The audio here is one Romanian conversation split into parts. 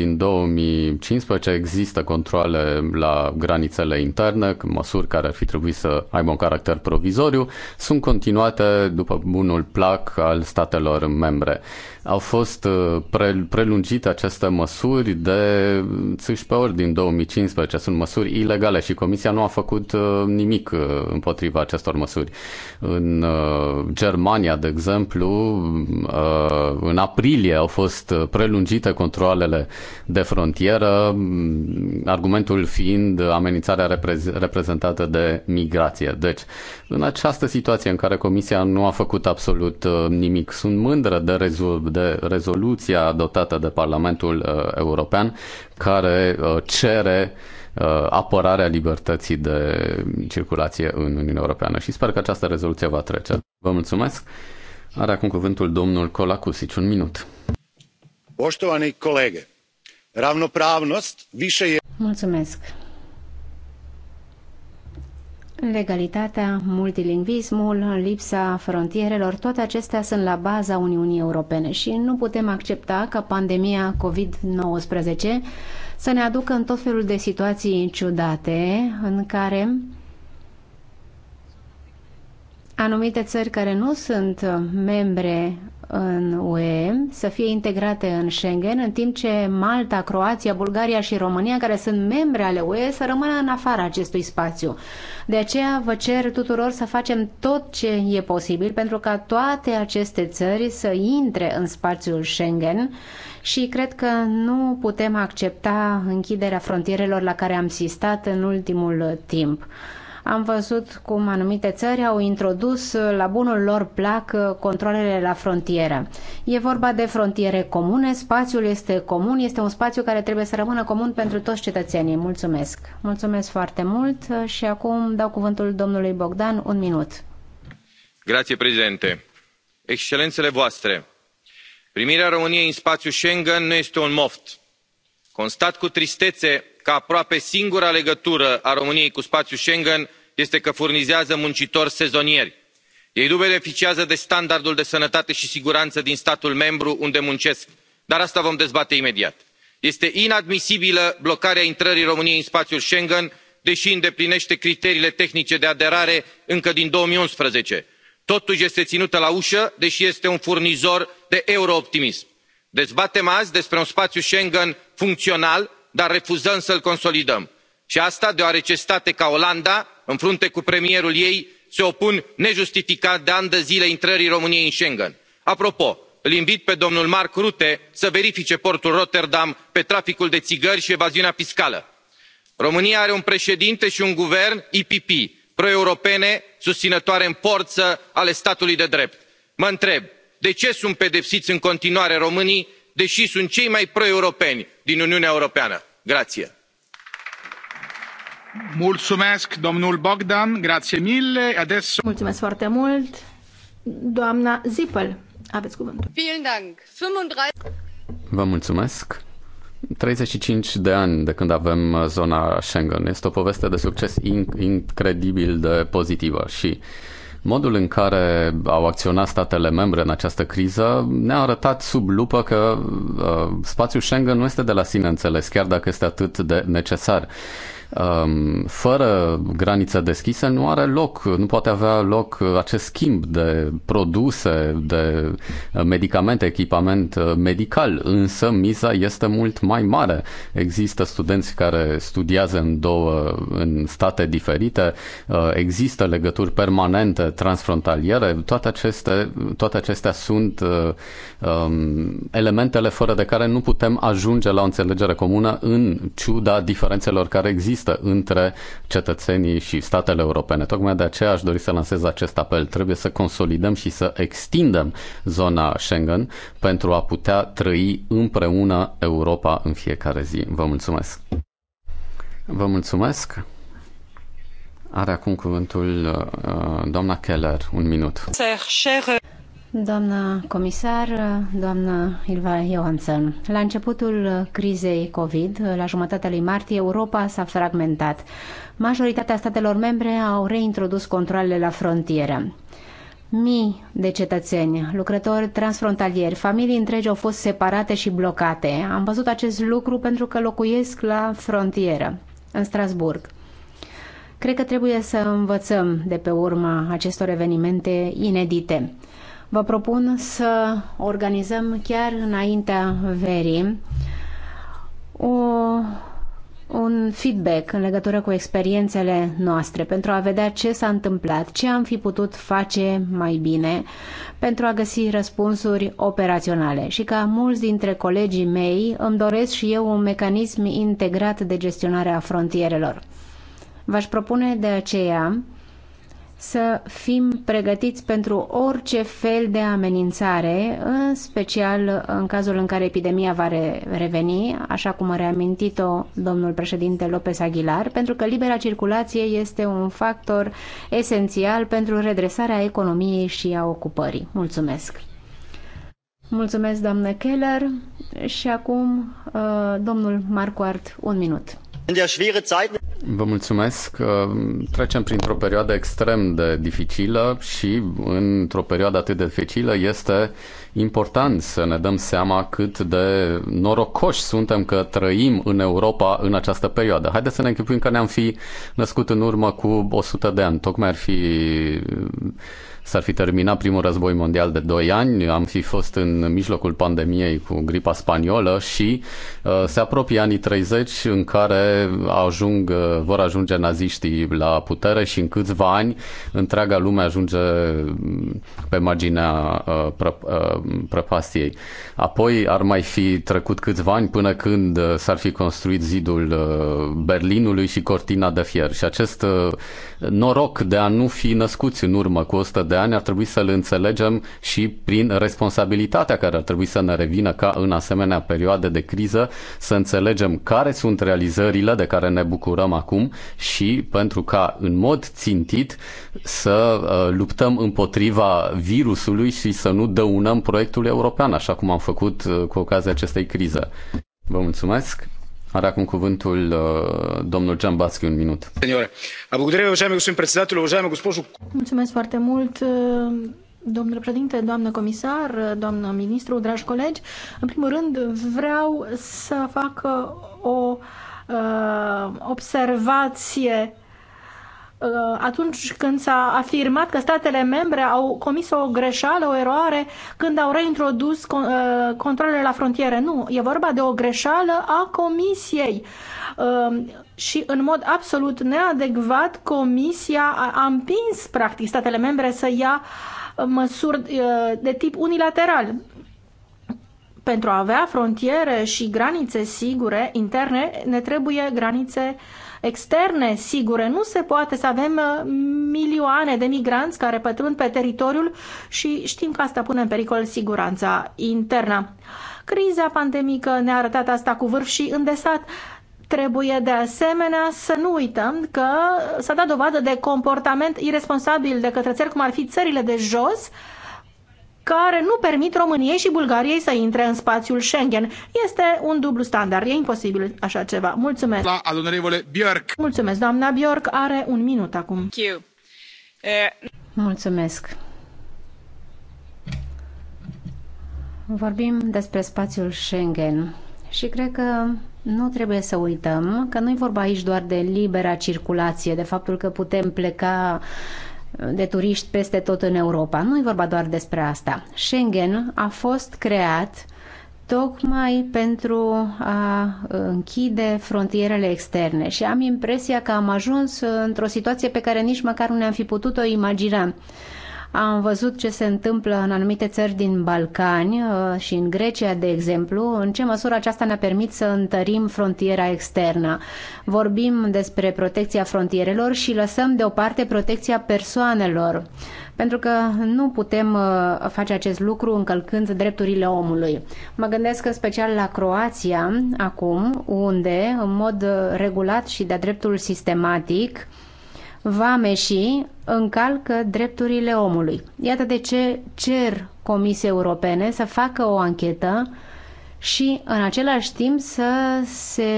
din 2015 există controle la granițele interne, măsuri care ar fi trebuit să aibă un caracter provizoriu, sunt continuate după bunul plac al statelor membre. Au fost uh, pre- prelungite aceste măsuri de 13 ori din 2015, sunt măsuri ilegale și Comisia nu a făcut uh, nimic uh, împotriva acestor măsuri. În Germania, de exemplu, în aprilie au fost prelungite controlele de frontieră, argumentul fiind amenințarea reprez- reprezentată de migrație. Deci, în această situație în care Comisia nu a făcut absolut uh, nimic, sunt mândră de, rezol- de rezoluția adoptată de Parlamentul uh, European care uh, cere apărarea libertății de circulație în Uniunea Europeană și sper că această rezoluție va trece. Vă mulțumesc. Are acum cuvântul domnul Colacusici. Un minut. Poștovani colegi. Ravnopravnost više je... Mulțumesc! Legalitatea, multilingvismul, lipsa frontierelor, toate acestea sunt la baza Uniunii Europene și nu putem accepta ca pandemia COVID-19 să ne aducă în tot felul de situații ciudate în care anumite țări care nu sunt membre în UE să fie integrate în Schengen, în timp ce Malta, Croația, Bulgaria și România, care sunt membre ale UE, să rămână în afara acestui spațiu. De aceea vă cer tuturor să facem tot ce e posibil pentru ca toate aceste țări să intre în spațiul Schengen și cred că nu putem accepta închiderea frontierelor la care am sistat în ultimul timp. Am văzut cum anumite țări au introdus la bunul lor plac controlele la frontieră. E vorba de frontiere comune, spațiul este comun, este un spațiu care trebuie să rămână comun pentru toți cetățenii. Mulțumesc! Mulțumesc foarte mult și acum dau cuvântul domnului Bogdan, un minut. Grație, prezidente! Excelențele voastre, primirea României în spațiu Schengen nu este un moft. Constat cu tristețe că aproape singura legătură a româniei cu spațiul schengen este că furnizează muncitori sezonieri. ei nu beneficiază de standardul de sănătate și siguranță din statul membru unde muncesc dar asta vom dezbate imediat. este inadmisibilă blocarea intrării româniei în spațiul schengen deși îndeplinește criteriile tehnice de aderare încă din două mii unsprezece totuși este ținută la ușă deși este un furnizor de euro optimism. dezbatem azi despre un spațiu schengen funcțional dar refuzăm să l consolidăm și asta deoarece state ca olanda în frunte cu premierul ei se opun nejustificat de ani de zile intrării româniei în schengen. apropo îl invit pe domnul mark rutte să verifice portul rotterdam pe traficul de țigări și evaziunea fiscală. românia are un președinte și un guvern ppe pro europene susținătoare în forță ale statului de drept. mă întreb de ce sunt pedepsiți în continuare românii deși sunt cei mai pro europeni din uniunea europeană? grație. Mulțumesc, domnul Bogdan, grație mille. Adesso... Mulțumesc foarte mult. Doamna Zipel, aveți cuvântul. Vă mulțumesc. 35 de ani de când avem uh, zona Schengen. Este o poveste de succes inc- incredibil de pozitivă și Modul în care au acționat statele membre în această criză ne-a arătat sub lupă că uh, spațiul Schengen nu este de la sine înțeles, chiar dacă este atât de necesar. Um, fără granițe deschise nu are loc, nu poate avea loc acest schimb de produse, de uh, medicamente, echipament uh, medical, însă miza este mult mai mare. Există studenți care studiază în două în state diferite, uh, există legături permanente transfrontaliere, toate aceste, toate acestea sunt um, elementele fără de care nu putem ajunge la o înțelegere comună în ciuda diferențelor care există există între cetățenii și statele europene. Tocmai de aceea aș dori să lansez acest apel. Trebuie să consolidăm și să extindem zona Schengen pentru a putea trăi împreună Europa în fiecare zi. Vă mulțumesc! Vă mulțumesc! Are acum cuvântul uh, doamna Keller, un minut. Sir, cer. Doamna comisar, doamna Ilva Johansson. la începutul crizei COVID, la jumătatea lui martie, Europa s-a fragmentat. Majoritatea statelor membre au reintrodus controlele la frontieră. Mii de cetățeni, lucrători transfrontalieri, familii întregi au fost separate și blocate. Am văzut acest lucru pentru că locuiesc la frontieră, în Strasburg. Cred că trebuie să învățăm de pe urma acestor evenimente inedite. Vă propun să organizăm chiar înaintea verii o, un feedback în legătură cu experiențele noastre pentru a vedea ce s-a întâmplat, ce am fi putut face mai bine pentru a găsi răspunsuri operaționale și ca mulți dintre colegii mei îmi doresc și eu un mecanism integrat de gestionare a frontierelor. V-aș propune de aceea să fim pregătiți pentru orice fel de amenințare, în special în cazul în care epidemia va reveni, așa cum a reamintit-o domnul președinte López Aguilar, pentru că libera circulație este un factor esențial pentru redresarea economiei și a ocupării. Mulțumesc! Mulțumesc, doamnă Keller. Și acum, uh, domnul Marcoart, un minut. Vă mulțumesc. Trecem printr-o perioadă extrem de dificilă și într-o perioadă atât de dificilă este important să ne dăm seama cât de norocoși suntem că trăim în Europa în această perioadă. Haideți să ne închipuim că ne-am fi născut în urmă cu 100 de ani. Tocmai ar fi s-ar fi terminat primul război mondial de 2 ani, am fi fost în mijlocul pandemiei cu gripa spaniolă și uh, se apropie anii 30 în care ajung, uh, vor ajunge naziștii la putere și în câțiva ani întreaga lume ajunge mm, pe marginea uh, pră, uh, prăpastiei. Apoi ar mai fi trecut câțiva ani până când uh, s-ar fi construit zidul uh, Berlinului și cortina de fier și acest uh, noroc de a nu fi născuți în urmă cu 100 de ani, ar trebui să-l înțelegem și prin responsabilitatea care ar trebui să ne revină ca în asemenea perioade de criză, să înțelegem care sunt realizările de care ne bucurăm acum și pentru ca în mod țintit să uh, luptăm împotriva virusului și să nu dăunăm proiectul european, așa cum am făcut uh, cu ocazia acestei crize. Vă mulțumesc! Are acum cuvântul uh, domnul Giambatski, un minut. Mulțumesc foarte mult, uh, domnule președinte, doamnă comisar, uh, doamnă ministru, dragi colegi. În primul rând, vreau să fac o observație Uh, atunci când s-a afirmat că statele membre au comis o greșeală, o eroare, când au reintrodus uh, controlele la frontiere. Nu, e vorba de o greșeală a Comisiei. Uh, și în mod absolut neadecvat, Comisia a împins, practic, statele membre să ia măsuri de tip unilateral pentru a avea frontiere și granițe sigure interne, ne trebuie granițe externe sigure. Nu se poate să avem uh, milioane de migranți care pătrund pe teritoriul și știm că asta pune în pericol siguranța internă. Criza pandemică ne-a arătat asta cu vârf și îndesat. Trebuie de asemenea să nu uităm că s-a dat dovadă de comportament irresponsabil de către țări cum ar fi țările de jos, care nu permit României și Bulgariei să intre în spațiul Schengen. Este un dublu standard, e imposibil așa ceva. Mulțumesc. La al onorevole Björk. Mulțumesc, doamna Björk are un minut acum. Eh, Mulțumesc. Vorbim despre spațiul Schengen și cred că nu trebuie să uităm că nu i vorba aici doar de libera circulație, de faptul că putem pleca uh, de turiști peste tot în Europa. Nu e vorba doar despre asta. Schengen a fost creat tocmai pentru a uh, închide frontierele externe și am impresia că am ajuns într-o situație pe care nici măcar nu ne-am fi putut-o imagina am văzut ce se întâmplă în anumite țări din Balcani uh, și în Grecia, de exemplu, în ce măsură aceasta ne-a permis să întărim frontiera externă. Vorbim despre protecția frontierelor și lăsăm deoparte protecția persoanelor, pentru că nu putem uh, face acest lucru încălcând drepturile omului. Mă gândesc în special la Croația, acum, unde, în mod uh, regulat și de-a dreptul sistematic, vameșii încalcă drepturile omului. Iată de ce cer Comisiei Europene să facă o anchetă și în același timp să se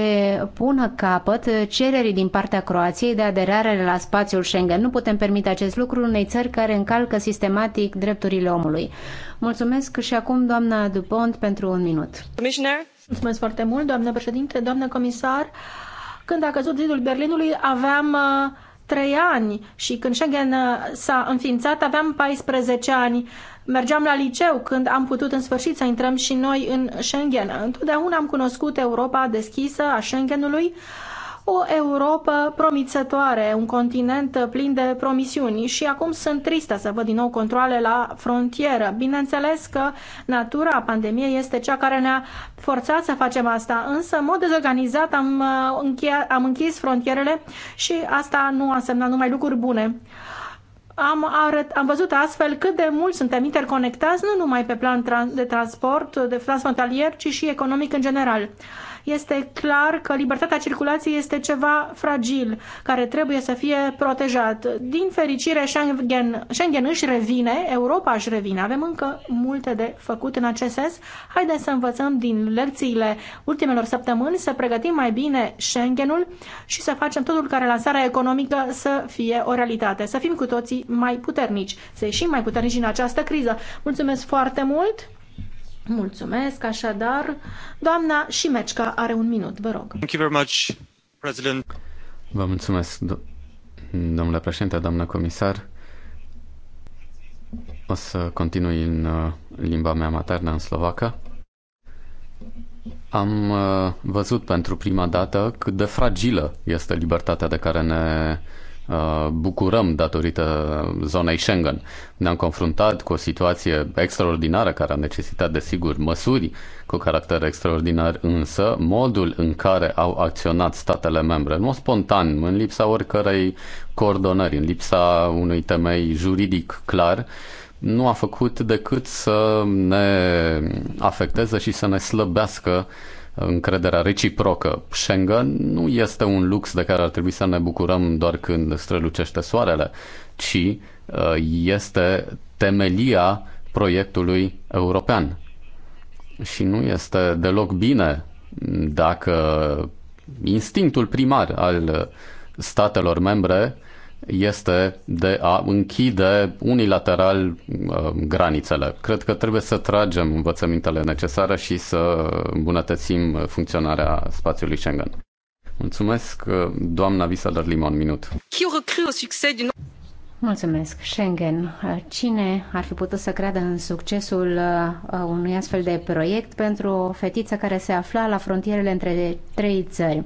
pună capăt cererii din partea Croației de aderare la spațiul Schengen. Nu putem permite acest lucru unei țări care încalcă sistematic drepturile omului. Mulțumesc și acum doamna Dupont pentru un minut. Commissioner. Mulțumesc foarte mult, doamnă președinte, doamnă comisar. Când a căzut zidul Berlinului aveam uh, trei ani și când Schengen uh, s-a înființat aveam 14 ani. Mergeam la liceu când am putut în sfârșit să intrăm și noi în Schengen. Întotdeauna am cunoscut Europa deschisă a Schengenului o Europa promițătoare, un continent plin de promisiuni și acum sunt tristă să văd din nou controle la frontieră. Bineînțeles că natura pandemiei este cea care ne-a forțat să facem asta, însă în mod dezorganizat am, uh, am închis frontierele și asta nu a însemnat numai lucruri bune am, arăt, am văzut astfel cât de mult suntem interconectați, nu numai pe plan de transport, de transfrontalier, ci și economic în general este clar că libertatea circulației este ceva fragil, care trebuie să fie protejat. Din fericire, Schengen, Schengen își revine, Europa își revine. Avem încă multe de făcut în acest sens. Haideți să învățăm din lecțiile ultimelor săptămâni, să pregătim mai bine Schengenul și să facem totul care lansarea economică să fie o realitate, să fim cu toții mai puternici, să ieșim mai puternici din această criză. Mulțumesc foarte mult! Mulțumesc, așadar, doamna Șimecica are un minut, vă rog. Thank you very much, President. Vă mulțumesc, do- domnule președinte, doamnă comisar. O să continui în uh, limba mea maternă, în slovacă. Am uh, văzut pentru prima dată cât de fragilă este libertatea de care ne Uh, bucurăm datorită zonei Schengen. Ne-am confruntat cu o situație extraordinară care a necesitat, desigur, măsuri cu caracter extraordinar, însă modul în care au acționat statele membre, în mod spontan, în lipsa oricărei coordonări, în lipsa unui temei juridic clar, nu a făcut decât să ne afecteze și să ne slăbească încrederea reciprocă. Schengen nu este un lux de care ar trebui să ne bucurăm doar când strălucește soarele, ci uh, este temelia proiectului european. Și nu este deloc bine dacă instinctul primar al statelor membre este de a închide unilateral uh, granițele. Cred că trebuie să tragem învățămintele necesare și să îmbunătățim funcționarea spațiului Schengen. Mulțumesc, uh, doamna Visaler Limon, minut. Mulțumesc, Schengen. Uh, cine ar fi putut să creadă în succesul unui astfel de proiect pentru o fetiță care se afla la frontierele între trei țări?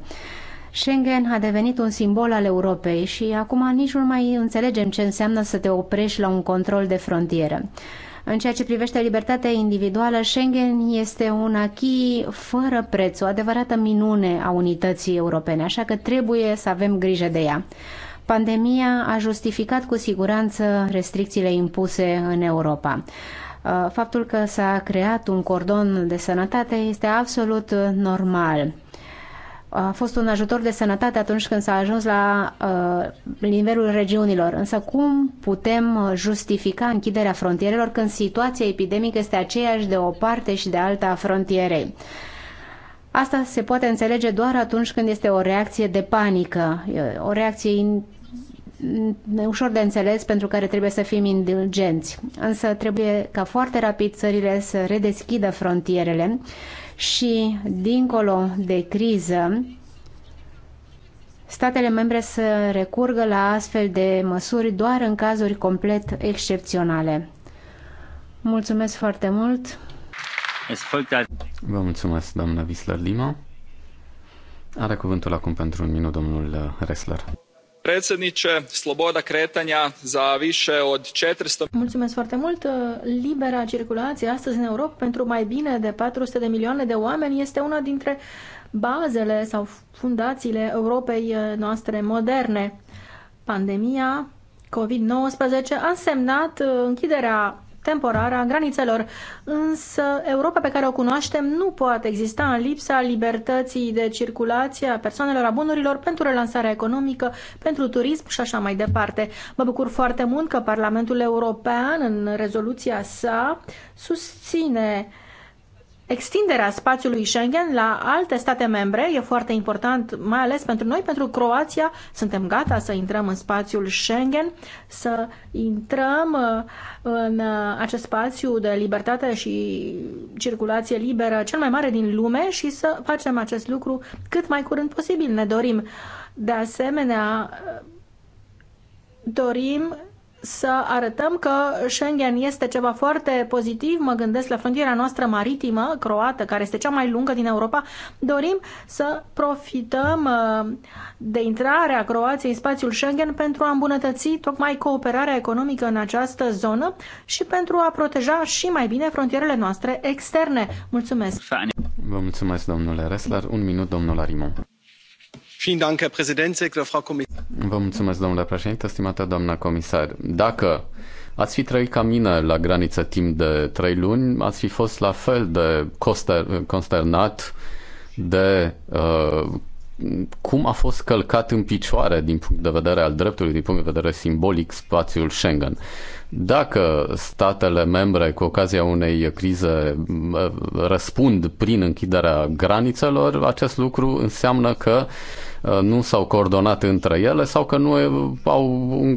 Schengen a devenit un simbol al Europei și acum nici nu mai înțelegem ce înseamnă să te oprești la un control de frontieră. În ceea ce privește libertatea individuală, Schengen este un achii fără preț, o adevărată minune a unității europene, așa că trebuie să avem grijă de ea. Pandemia a justificat cu siguranță restricțiile impuse în Europa. Uh, faptul că s-a creat un cordon de sănătate este absolut normal a fost un ajutor de sănătate atunci când s-a ajuns la uh, nivelul regiunilor. Însă cum putem uh, justifica închiderea frontierelor când situația epidemică este aceeași de o parte și de alta a frontierei? Asta se poate înțelege doar atunci când este o reacție de panică, o reacție ușor de înțeles pentru care trebuie să fim indulgenți. Însă trebuie ca foarte rapid țările să redeschidă frontierele și, dincolo de criză, statele membre să recurgă la astfel de măsuri doar în cazuri complet excepționale. Mulțumesc foarte mult! Vă mulțumesc, doamna Visler Lima. Are cuvântul acum pentru un minut domnul Ressler predsjednie sloboda kretanja za vie od. patru sute. foarte mult libera circulaie astăzi în europa pentru mai bine de patru sute de milioane de oameni este una dintre bazele sau fundațiile europei eh, noastre moderne. pandemia covid 19 a însemnat eh, închiderea temporară a granițelor. Însă Europa pe care o cunoaștem nu poate exista în lipsa libertății de circulație a persoanelor, a bunurilor pentru relansarea economică, pentru turism și așa mai departe. Mă bucur foarte mult că Parlamentul European în rezoluția sa susține extinderea spațiului Schengen la alte state membre e foarte important, mai ales pentru noi, pentru Croația. Suntem gata să intrăm în spațiul Schengen, să intrăm uh, în uh, acest spațiu de libertate și circulație liberă cel mai mare din lume și să facem acest lucru cât mai curând posibil. Ne dorim de asemenea uh, dorim să arătăm că Schengen este ceva foarte pozitiv, mă gândesc la frontiera noastră maritimă, croată, care este cea mai lungă din Europa, dorim să profităm uh, de intrarea Croației în spațiul Schengen pentru a îmbunătăți tocmai cooperarea economică în această zonă și pentru a proteja și mai bine frontierele noastre externe. Mulțumesc! Vă mulțumesc, domnule Ressler. Un minut, domnul Arimon. Vă mulțumesc, domnule președinte, stimată doamna comisar. Dacă ați fi trăit ca mine la graniță timp de trei luni, ați fi fost la fel de consternat de uh, cum a fost călcat în picioare din punct de vedere al dreptului, din punct de vedere simbolic, spațiul Schengen. Dacă statele membre, cu ocazia unei crize, uh, răspund prin închiderea granițelor, acest lucru înseamnă că uh, Uh, nu s-au coordonat între ele sau că nu au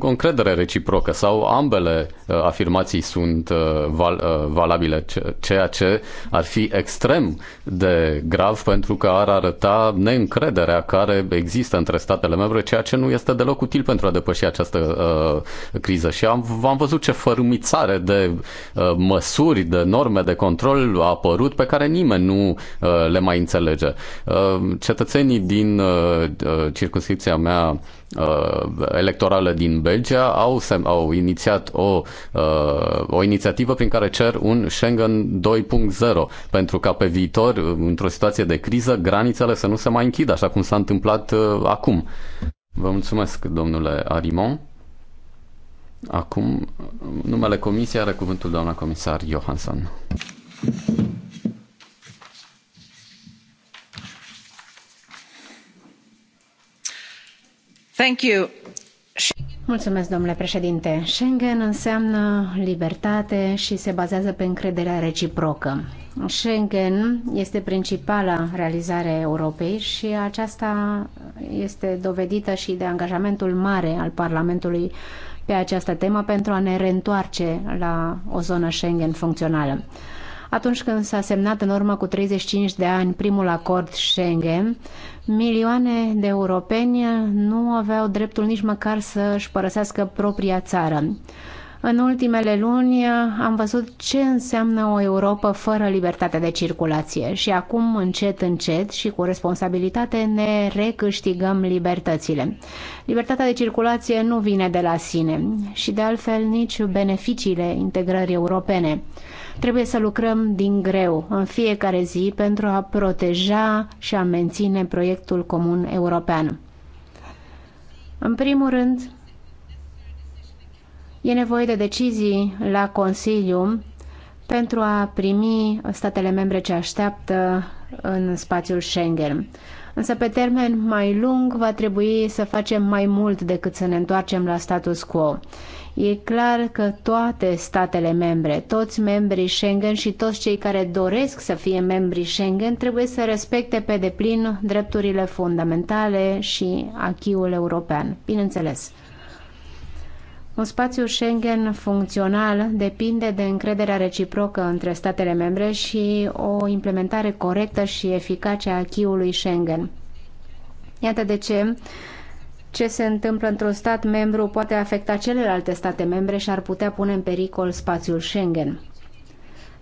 o încredere reciprocă sau ambele uh, afirmații sunt uh, val, valabile, ceea ce ar fi extrem de grav pentru că ar arăta neîncrederea care există între statele membre, ceea ce nu este deloc util pentru a depăși această uh, criză. Și am, am văzut ce fărâmițare de uh, măsuri, de norme, de control a apărut pe care nimeni nu uh, le mai înțelege. Uh, cetățenii din uh, Uh, circunscripția mea uh, electorală din Belgia au, au inițiat o, uh, o inițiativă prin care cer un Schengen 2.0 pentru ca pe viitor, într-o situație de criză, granițele să nu se mai închidă, așa cum s-a întâmplat acum. Vă mulțumesc, domnule Arimon. Acum, numele comisiei are cuvântul doamna comisar Johansson. Mulțumesc, domnule președinte. Schengen înseamnă libertate și se bazează pe încrederea reciprocă. Schengen este principala realizare a Europei și aceasta este dovedită și de angajamentul mare al Parlamentului pe această temă pentru a ne reîntoarce la o zonă Schengen funcțională. Atunci când s-a semnat în urmă cu 35 de ani primul acord Schengen, milioane de europeni nu aveau dreptul nici măcar să își părăsească propria țară. În ultimele luni am văzut ce înseamnă o Europa fără libertate de circulație și acum, încet, încet și cu responsabilitate, ne recâștigăm libertățile. Libertatea de circulație nu vine de la sine și, de altfel, nici beneficiile integrării europene. Trebuie să lucrăm din greu în fiecare zi pentru a proteja și a menține proiectul comun european. În primul rând, e nevoie de decizii la Consiliu pentru a primi statele membre ce așteaptă în spațiul Schengen. Însă pe termen mai lung va trebui să facem mai mult decât să ne întoarcem la status quo. E clar că toate statele membre, toți membrii Schengen și toți cei care doresc să fie membri Schengen trebuie să respecte pe deplin drepturile fundamentale și achiul european, bineînțeles. Un spațiu Schengen funcțional depinde de încrederea reciprocă între statele membre și o implementare corectă și eficace a acquis-ului Schengen. Iată de ce ce se întâmplă într-un stat membru poate afecta celelalte state membre și ar putea pune în pericol spațiul Schengen.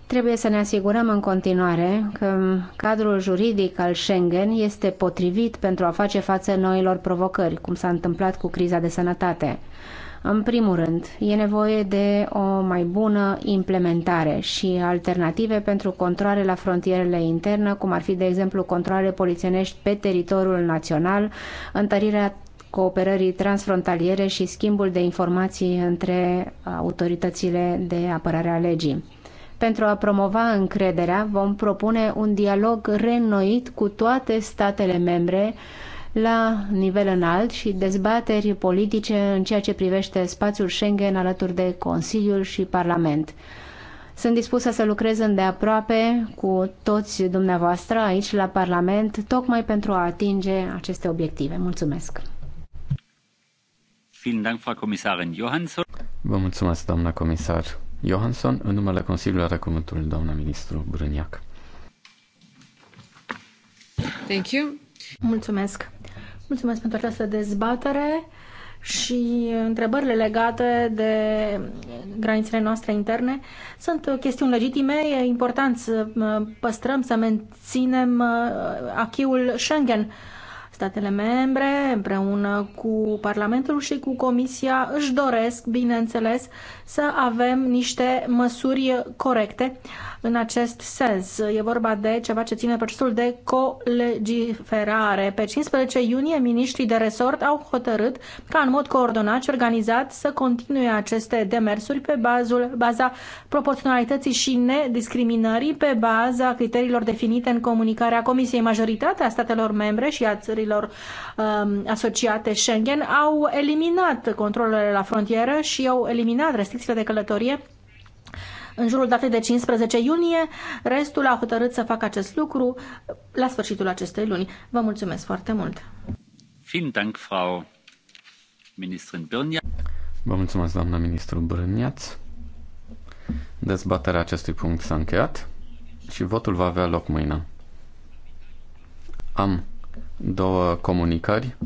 Trebuie să ne asigurăm în continuare că cadrul juridic al Schengen este potrivit pentru a face față noilor provocări, cum s-a întâmplat cu criza de sănătate. În primul rând, e nevoie de o mai bună implementare și alternative pentru controle la frontierele interne, cum ar fi, de exemplu, controle polițienești pe teritoriul național, întărirea cooperării transfrontaliere și schimbul de informații între autoritățile de apărare a legii. Pentru a promova încrederea, vom propune un dialog reînnoit cu toate statele membre la nivel înalt și dezbateri politice în ceea ce privește spațiul Schengen alături de Consiliul și Parlament. Sunt dispusă să lucrez îndeaproape cu toți dumneavoastră aici la Parlament, tocmai pentru a atinge aceste obiective. Mulțumesc! Vă mulțumesc, doamna comisar Johansson. În numele Consiliului are cuvântul doamna ministru Brâniac. Thank you. Mulțumesc. Mulțumesc pentru această dezbatere și întrebările legate de granițele noastre interne sunt chestiuni legitime. E important să uh, păstrăm, să menținem uh, achiul Schengen Statele membre, împreună cu Parlamentul și cu Comisia, își doresc, bineînțeles, să avem niște măsuri corecte în acest sens. E vorba de ceva ce ține procesul de colegiferare. Pe 15 iunie, miniștrii de resort au hotărât ca în mod coordonat și organizat să continue aceste demersuri pe bazul, baza proporționalității și nediscriminării pe baza criteriilor definite în comunicarea Comisiei. Majoritatea statelor membre și a țărilor um, asociate Schengen au eliminat controlele la frontieră și au eliminat restricțiile restricțiile de călătorie în jurul datei de 15 iunie. Restul a hotărât să facă acest lucru la sfârșitul acestei luni. Vă mulțumesc foarte mult! Vielen Dank, Frau Ministerin Birnia. Vă mulțumesc, doamna ministru Brâniaț. Dezbaterea acestui punct s-a încheiat și votul va avea loc mâine. Am două comunicări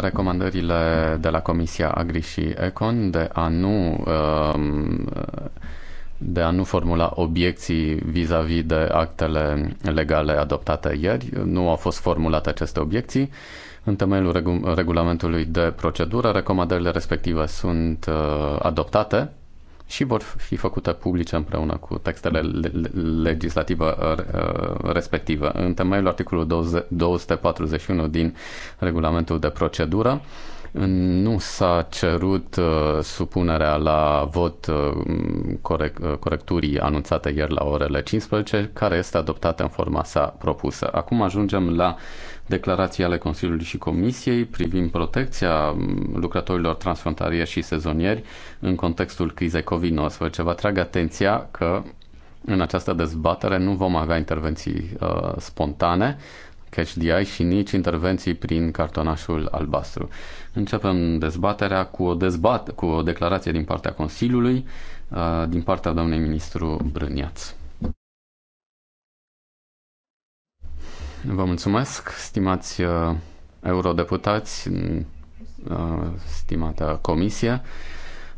recomandările de la Comisia Agri și Econ de a nu um, de a nu formula obiecții vis-a-vis -vis de actele legale adoptate ieri. Nu au fost formulate aceste obiecții. În temelul regu- regulamentului de procedură, recomandările respective sunt uh, adoptate și vor fi făcute publice împreună cu textele legislative uh, uh, respective. În temeiul articolului 241 din regulamentul de procedură, nu s-a cerut uh, supunerea la vot uh, corect, uh, corecturii anunțate ieri la orele 15, care este adoptată în forma sa propusă. Acum ajungem la declarații ale Consiliului și Comisiei privind protecția lucrătorilor transfrontalieri și sezonieri în contextul crizei COVID-19. Vă atrag atenția că în această dezbatere nu vom avea intervenții uh, spontane, catch eye, și nici intervenții prin cartonașul albastru. Începem dezbaterea cu o, dezbat- cu o declarație din partea Consiliului, uh, din partea doamnei ministru Brâniaț. Vă mulțumesc, stimați uh, eurodeputați, uh, stimata comisie.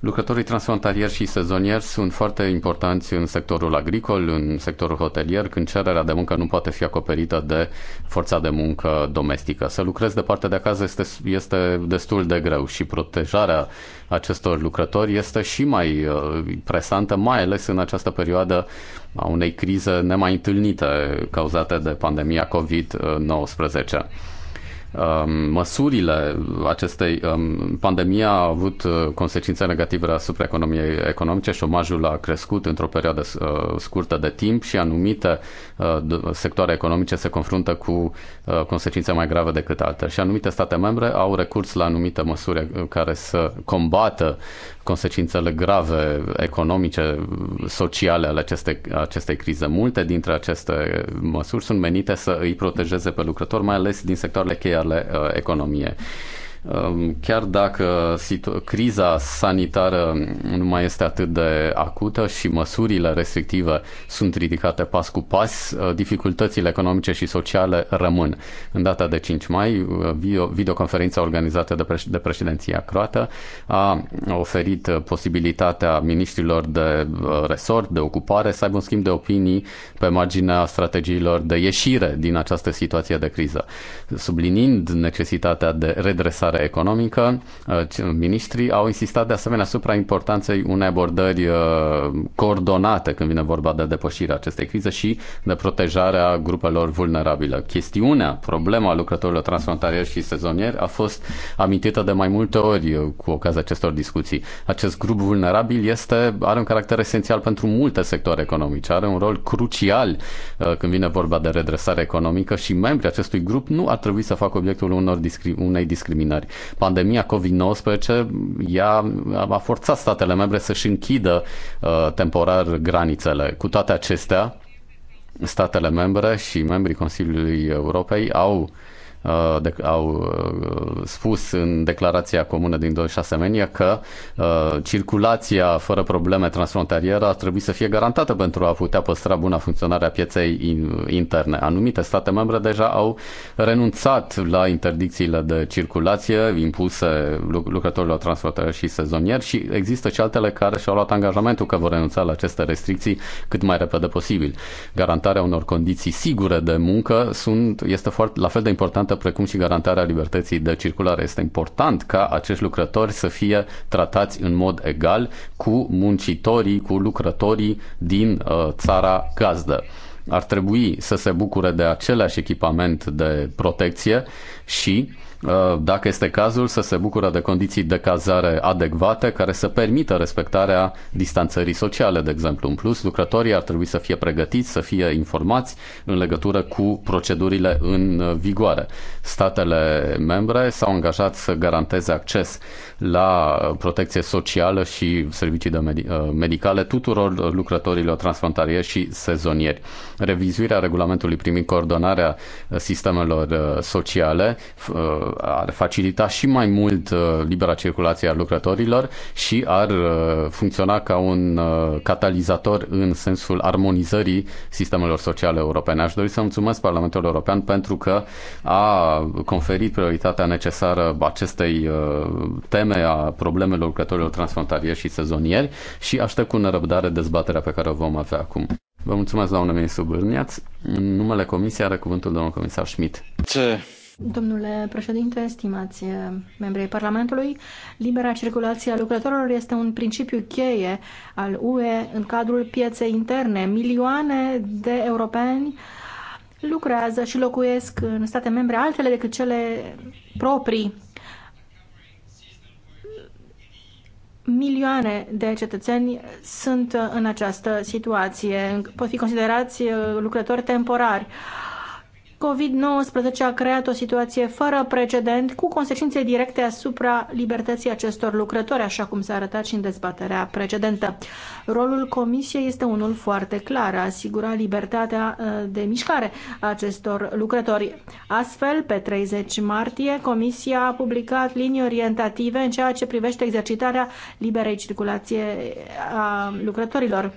Lucrătorii transfrontalieri și sezonieri sunt foarte importanți în sectorul agricol, în sectorul hotelier, când cererea de muncă nu poate fi acoperită de forța de muncă domestică. Să lucrezi departe de acasă este, este destul de greu și protejarea acestor lucrători este și mai uh, presantă, mai ales în această perioadă a unei crize nemai întâlnite cauzate de pandemia COVID-19. Um, măsurile acestei um, pandemii a avut uh, consecințe negative asupra economiei economice, șomajul a crescut într-o perioadă uh, scurtă de timp și anumite uh, sectoare economice se confruntă cu consecințe mai grave decât alte. Și anumite state membre au recurs la anumite măsuri care să combată consecințele grave economice, sociale ale acestei, acestei crize. Multe dintre aceste măsuri sunt menite să îi protejeze pe lucrători, mai ales din sectoarele cheie ale uh, economiei. Um, chiar dacă criza sanitară nu mai este atât de acută și măsurile restrictive sunt ridicate pas cu pas, uh, dificultățile economice și sociale rămân. În data de 5 mai, uh, video, videoconferința organizată de, preș- de președinția croată a oferit uh, posibilitatea ministrilor de resort, de ocupare, să aibă un schimb de opinii pe marginea strategiilor de ieșire din această situație de criză, sublinind necesitatea de redresare Dezvoltare Economică, uh, ministrii au insistat de asemenea asupra importanței unei abordări uh, coordonate când vine vorba de depășirea acestei crize și de protejarea grupelor vulnerabile. Chestiunea, problema lucrătorilor transfrontalieri și sezonieri a fost amintită de mai multe ori uh, cu ocazia acestor discuții. Acest grup vulnerabil este, are un caracter esențial pentru multe sectoare economice, are un rol crucial când vine vorba de redresare economică și membrii acestui grup nu ar trebui să facă obiectul unor discri- unei discriminări vineri. Pandemia COVID-19 ea a forțat statele membre să-și închidă uh, temporar granițele. Cu toate acestea, statele membre și membrii Consiliului Europei au uh, Uh, de, au uh, spus în declarația comună din 26 menia că uh, circulația fără probleme transfrontalieră ar trebui să fie garantată pentru a putea păstra buna funcționare a pieței interne. Anumite state membre deja au renunțat la interdicțiile de circulație impuse lucrătorilor transfrontalieri și sezonieri și există și altele care și-au luat angajamentul că vor renunța la aceste restricții cât mai repede posibil. Garantarea unor condiții sigure de muncă sunt, este foarte, la fel de importantă importantă, precum și garantarea libertății de circulare. Este important ca acești lucrători să fie tratați în mod egal cu muncitorii, cu lucrătorii din uh, țara gazdă ar trebui să se bucure de același echipament de protecție și Uh, dacă este cazul, să se bucură de condiții de cazare adecvate care să permită respectarea distanțării sociale, de exemplu. În plus, lucrătorii ar trebui să fie pregătiți, să fie informați în legătură cu procedurile în vigoare. Statele membre s-au angajat să garanteze acces la protecție socială și servicii de medi- uh, medicale tuturor lucrătorilor transfrontalieri și sezonieri. Revizuirea regulamentului privind coordonarea sistemelor uh, sociale ar facilita și mai mult uh, libera circulație a lucrătorilor și ar uh, funcționa ca un uh, catalizator în sensul armonizării sistemelor sociale europene. Aș dori să mulțumesc Parlamentul European pentru că a conferit prioritatea necesară acestei teme a problemelor lucrătorilor transfrontalieri și sezonieri și aștept cu nerăbdare dezbaterea pe care o vom avea acum. Vă mulțumesc, doamnă ministru Bârniaț. În numele comisiei are cuvântul domnul comisar Schmidt. Ce? Domnule președinte, stimați eh, membrii Parlamentului, libera circulație a lucrătorilor este un principiu cheie al UE în cadrul pieței interne. Milioane de europeni lucrează și locuiesc în state membre altele decât cele proprii. Milioane de cetățeni sunt în această situație, pot fi considerați eh, lucrători temporari. Uh, COVID-19 a creat o situație fără precedent cu consecințe directe asupra libertății acestor lucrători, așa cum s-a arătat și în dezbaterea precedentă. Rolul Comisiei este unul foarte clar, a asigura libertatea uh, de mișcare a acestor lucrători. Astfel, pe 30 martie, Comisia a publicat linii orientative în ceea ce privește exercitarea liberei circulație a lucrătorilor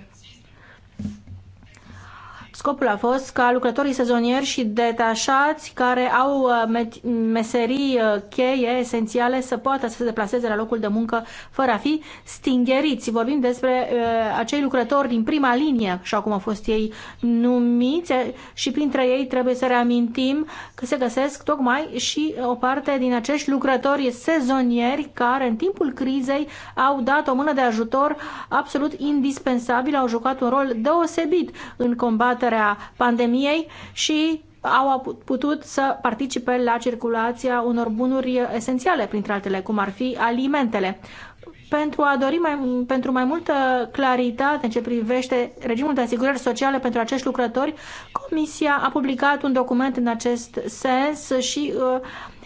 Scopul a fost ca lucrătorii sezonieri și detașați care au uh, meserii uh, cheie esențiale să poată să se deplaseze la locul de muncă fără a fi stingeriți. Vorbim despre uh, acei lucrători din prima linie, așa cum au fost ei numiți și printre ei trebuie să reamintim că se găsesc tocmai și o parte din acești lucrători sezonieri care în timpul crizei au dat o mână de ajutor absolut indispensabil, au jucat un rol deosebit în combaterea combaterea pandemiei și au putut să participe la circulația unor bunuri esențiale, printre altele, cum ar fi alimentele. Pentru a dori mai, pentru mai multă claritate în ce privește regimul de asigurări sociale pentru acești lucrători, Comisia a publicat un document în acest sens și uh,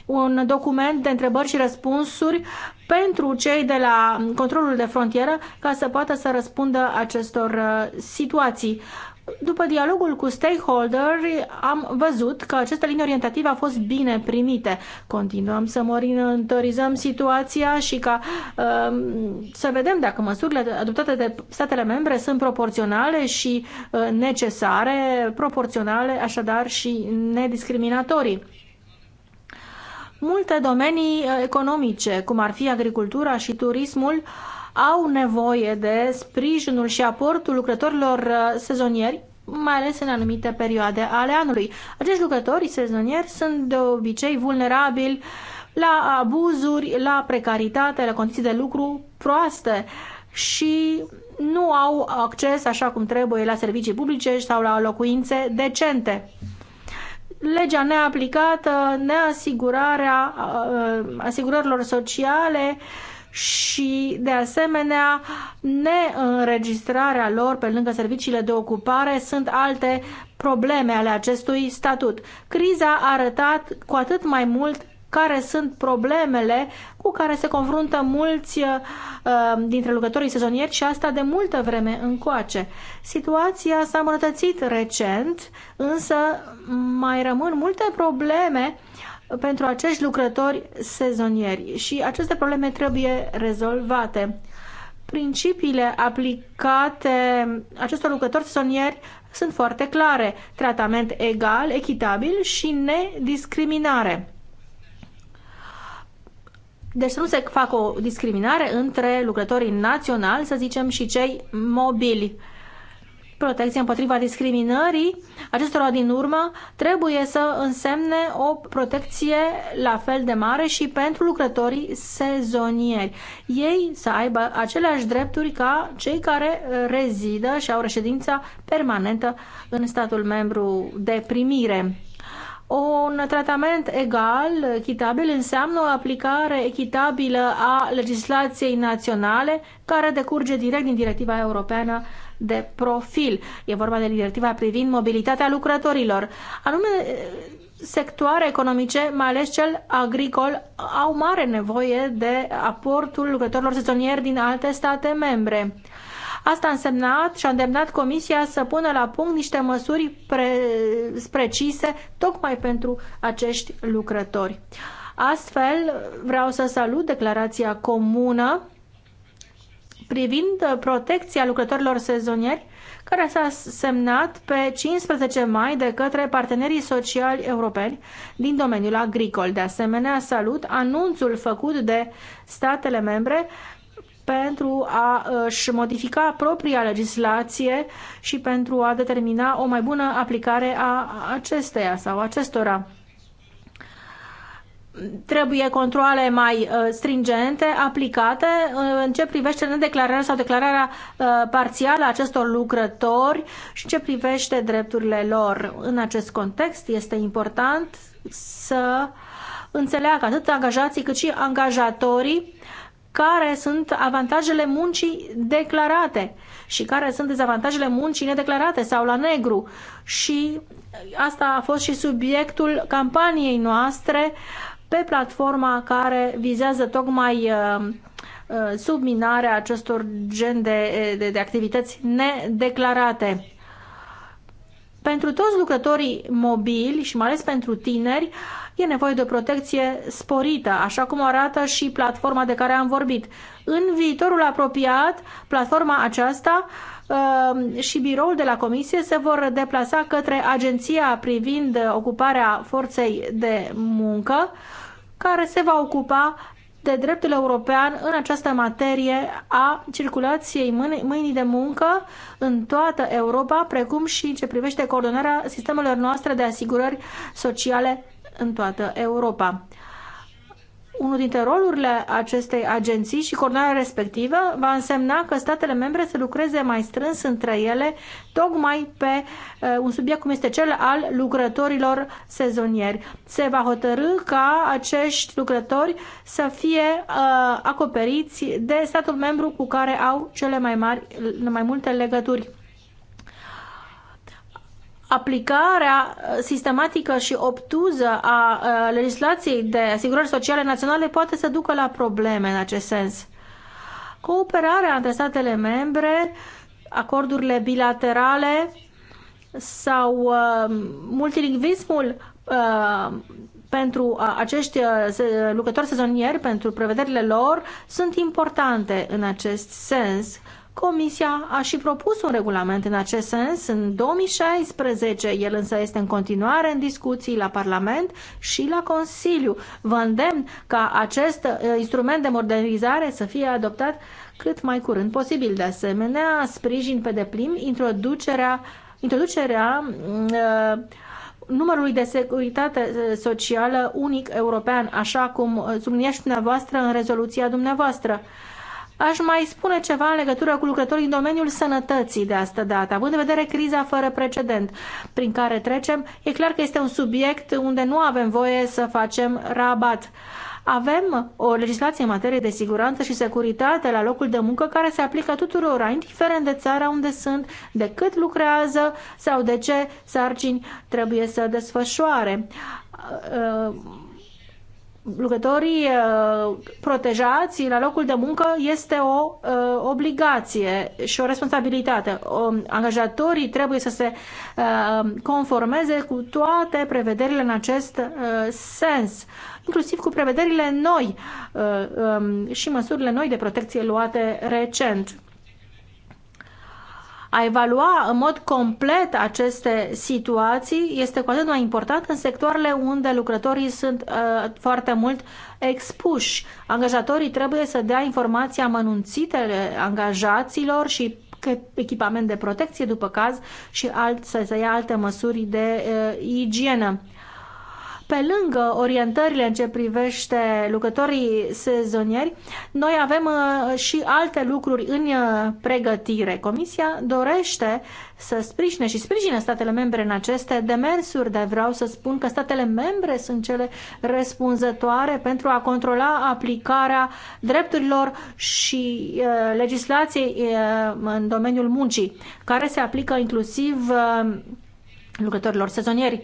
un document de întrebări și răspunsuri pentru cei de la controlul de frontieră ca să poată să răspundă acestor uh, situații. Uh, după dialogul cu stakeholderi, am văzut că aceste linii orientative au fost bine primite. Continuăm să monitorizăm situația și ca um, să vedem dacă măsurile adoptate de statele membre sunt proporționale și uh, necesare, proporționale, așadar și nediscriminatorii multe domenii uh, economice, cum ar fi agricultura și turismul, au nevoie de sprijinul și aportul lucrătorilor uh, sezonieri, mai ales în anumite perioade ale anului. Acești lucrători sezonieri sunt de obicei vulnerabili la abuzuri, la precaritate, la condiții de lucru proaste și nu au acces așa cum trebuie la servicii publice sau la locuințe decente. Legea neaplicată, neasigurarea uh, asigurărilor sociale și, de asemenea, neînregistrarea lor pe lângă serviciile de ocupare sunt alte probleme ale acestui statut. Criza a arătat cu atât mai mult care sunt problemele cu care se confruntă mulți uh, dintre lucrătorii sezonieri și asta de multă vreme încoace. Situația s-a îmbunătățit recent, însă mai rămân multe probleme pentru acești lucrători sezonieri și aceste probleme trebuie rezolvate. Principiile aplicate acestor lucrători sezonieri sunt foarte clare. Tratament egal, echitabil și nediscriminare. Deci să nu se facă o discriminare între lucrătorii naționali, să zicem, și cei mobili protecție împotriva discriminării acestora din urmă trebuie să însemne o protecție la fel de mare și pentru lucrătorii sezonieri. Ei să aibă aceleași drepturi ca cei care rezidă și au reședința permanentă în statul membru de primire. Un tratament egal, echitabil, înseamnă o aplicare echitabilă a legislației naționale care decurge direct din directiva europeană de profil. E vorba de directiva privind mobilitatea lucrătorilor. Anume, sectoare economice, mai ales cel agricol, au mare nevoie de aportul lucrătorilor sezonieri din alte state membre. Asta a însemnat și a îndemnat Comisia să pună la punct niște măsuri pre precise tocmai pentru acești lucrători. Astfel, vreau să salut declarația comună privind uh, protecția lucrătorilor sezonieri, care s-a semnat pe 15 mai de către partenerii sociali europeni din domeniul agricol. De asemenea, salut anunțul făcut de statele membre pentru a și modifica propria legislație și pentru a determina o mai bună aplicare a acesteia sau acestora trebuie controle mai uh, stringente aplicate uh, în ce privește nedeclararea sau declararea uh, parțială a acestor lucrători și ce privește drepturile lor. În acest context este important să înțeleagă atât angajații cât și angajatorii care sunt avantajele muncii declarate și care sunt dezavantajele muncii nedeclarate sau la negru. Și asta a fost și subiectul campaniei noastre pe platforma care vizează tocmai uh, uh, subminarea acestor gen de, de, de activități nedeclarate. Pentru toți lucrătorii mobili și mai ales pentru tineri, e nevoie de o protecție sporită, așa cum arată și platforma de care am vorbit. În viitorul apropiat, platforma aceasta uh, Um, și biroul de la Comisie se vor deplasa către agenția privind ocuparea forței de muncă, care se va ocupa de dreptul european în această materie a circulației mâinii de muncă în toată Europa, precum și în ce privește coordonarea sistemelor noastre de asigurări sociale în toată Europa unul dintre rolurile acestei agenții și coordonarea respectivă va însemna că statele membre să lucreze mai strâns între ele, tocmai pe uh, un subiect cum este cel al lucrătorilor sezonieri. Se va hotărâ ca acești lucrători să fie uh, acoperiți de statul membru cu care au cele mai mari, mai multe legături aplicarea uh, sistematică și obtuză a uh, legislației de asigurări sociale naționale poate să ducă la probleme în acest sens. Cooperarea între statele membre, acordurile bilaterale sau uh, multilingvismul uh, pentru uh, acești lucrători sezonieri, pentru prevederile lor, sunt importante în acest sens. Comisia a și propus un regulament în acest sens în 2016. El însă este în continuare în discuții la Parlament și la Consiliu. Vă îndemn ca acest uh, instrument de modernizare să fie adoptat cât mai curând posibil. De asemenea, sprijin pe deplin introducerea, introducerea mm, uh, numărului de securitate uh, socială unic european, așa cum subliniați dumneavoastră în rezoluția dumneavoastră. Aș mai spune ceva în legătură cu lucrătorii în domeniul sănătății de asta dată, având în vedere criza fără precedent prin care trecem, e clar că este un subiect unde nu avem voie să facem rabat. Avem o legislație în materie de siguranță și securitate la locul de muncă care se aplică tuturor, indiferent de țara unde sunt, de cât lucrează sau de ce sarcini trebuie să desfășoare uh, lucrătorii uh, protejați la locul de muncă este o uh, obligație și o responsabilitate. Um, angajatorii trebuie să se uh, conformeze cu toate prevederile în acest sens, inclusiv cu prevederile noi um, și măsurile noi de protecție luate recent. A evalua în mod complet aceste situații este cu atât mai important în sectoarele unde lucrătorii sunt uh, foarte mult expuși. Angajatorii trebuie să dea informații amănunțite angajaților și echipament de protecție după caz și alt, să, să ia alte măsuri de uh, igienă. Pe lângă orientările în ce privește lucrătorii sezonieri, noi avem uh, și alte lucruri în uh, pregătire. Comisia dorește să sprijine și sprijine statele membre în aceste demersuri, dar vreau să spun că statele membre sunt cele răspunzătoare pentru a controla aplicarea drepturilor și uh, legislației în domeniul muncii, care se aplică inclusiv lucrătorilor sezonieri.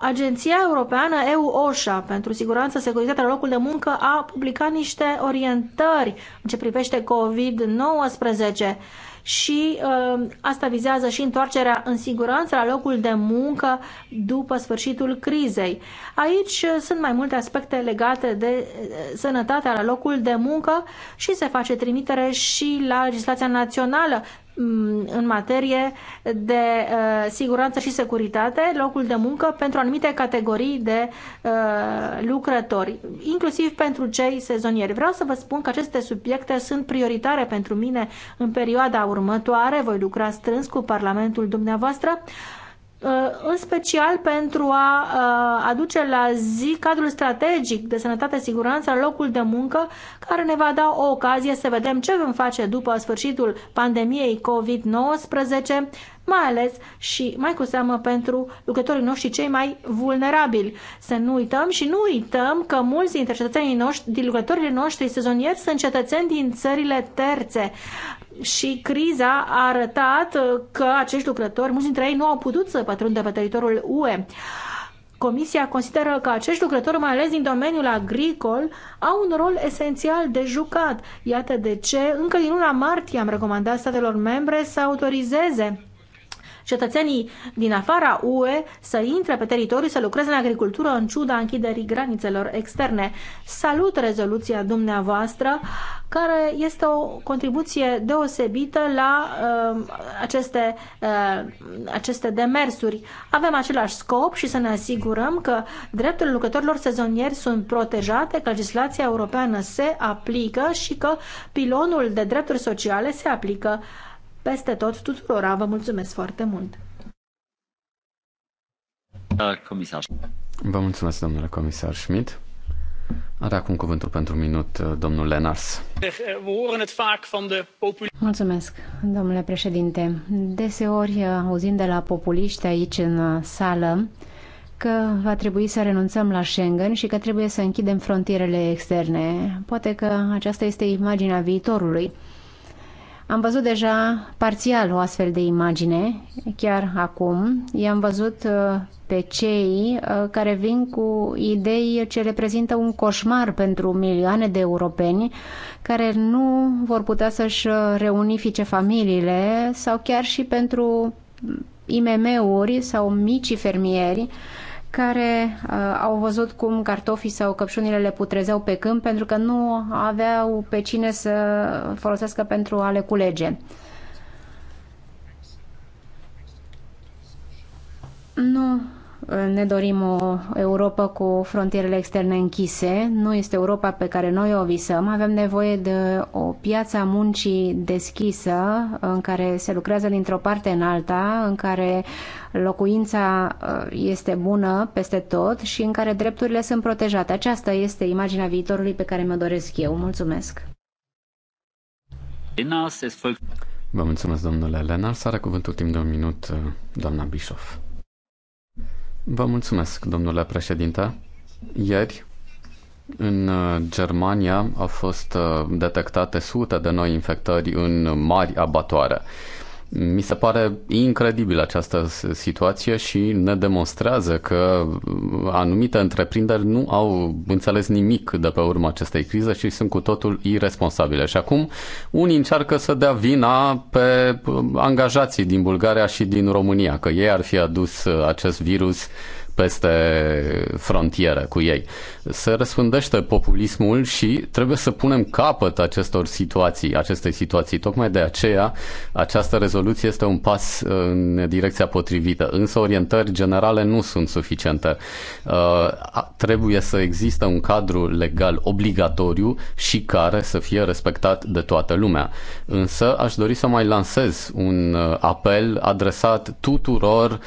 Agenția Europeană EU-OSHA pentru siguranță, securitatea la locul de muncă a publicat niște orientări în ce privește COVID-19 și uh, asta vizează și întoarcerea în siguranță la locul de muncă după sfârșitul crizei. Aici uh, sunt mai multe aspecte legate de uh, sănătatea la locul de muncă și se face trimitere și la legislația națională Mm, în materie de uh, siguranță și securitate, locul de muncă pentru anumite categorii de uh, lucrători, inclusiv pentru cei sezonieri. Vreau să vă spun că aceste subiecte sunt prioritare pentru mine în perioada următoare. Voi lucra strâns cu Parlamentul dumneavoastră Uh, în special pentru a uh, aduce la zi cadrul strategic de sănătate, siguranță, locul de muncă, care ne va da o ocazie să vedem ce vom face după sfârșitul pandemiei COVID-19, mai ales și mai cu seamă pentru lucrătorii noștri cei mai vulnerabili. Să nu uităm și nu uităm că mulți dintre cetățenii noștri, din lucrătorii noștri sezonieri sunt cetățeni din țările terțe și criza a arătat uh, că acești lucrători, mulți dintre ei nu au putut să pătrundă pe teritoriul UE. Comisia consideră că acești lucrători, mai ales din domeniul agricol, au un rol esențial de jucat. Iată de ce, încă din luna martie am recomandat statelor membre să autorizeze cetățenii din afara UE să intre pe teritoriu, să lucreze în agricultură în ciuda închiderii granițelor externe. Salut rezoluția dumneavoastră care este o contribuție deosebită la uh, aceste, uh, aceste demersuri. Avem același scop și să ne asigurăm că drepturile lucrătorilor sezonieri sunt protejate, că legislația europeană se aplică și că pilonul de drepturi sociale se aplică uh, peste tot tuturora. Vă mulțumesc foarte mult! Comisar. Vă mulțumesc, domnule comisar Schmidt. Are acum cuvântul pentru un minut uh, domnul Lenars. Mulțumesc, domnule președinte. Deseori uh, auzim de la populiști aici în uh, sală că va trebui să renunțăm la Schengen și că trebuie să închidem frontierele externe. Poate că aceasta este imaginea viitorului. Am văzut deja parțial o astfel de imagine, chiar acum. I-am văzut uh, pe cei uh, care vin cu idei ce reprezintă un coșmar pentru milioane de europeni care nu vor putea să-și uh, reunifice familiile sau chiar și pentru mm, IMM-uri sau micii fermieri care uh, au văzut cum cartofii sau căpșunile le putrezeau pe câmp pentru că nu aveau pe cine să folosească pentru a le culege. Nu ne dorim o Europa cu frontierele externe închise, nu este Europa pe care noi o visăm, avem nevoie de o piață a muncii deschisă în care se lucrează dintr-o parte în alta, în care locuința uh, este bună peste tot și în care drepturile sunt protejate. Aceasta este imaginea viitorului pe care mi-o doresc eu. Mulțumesc! Vă mulțumesc, domnule Lenar. Sara cuvântul timp de un minut, uh, doamna Bischoff. Vă mulțumesc, domnule președinte. Ieri, în uh, Germania, au fost uh, detectate sute de noi infectări în mari abatoare. Mi se pare incredibil această situație și ne demonstrează că anumite întreprinderi nu au înțeles nimic de pe urma acestei crize și sunt cu totul irresponsabile. Și acum unii încearcă să dea vina pe uh, angajații din Bulgaria și din România, că ei ar fi adus uh, acest virus uh, peste frontieră cu ei. Se răspândește populismul și trebuie să punem capăt acestor situații, acestei situații. Tocmai de aceea această rezoluție este un pas uh, în direcția potrivită, însă orientări generale nu sunt suficiente. Uh, trebuie să existe un cadru legal obligatoriu și care să fie respectat de toată lumea. Însă aș dori să mai lansez un uh, apel adresat tuturor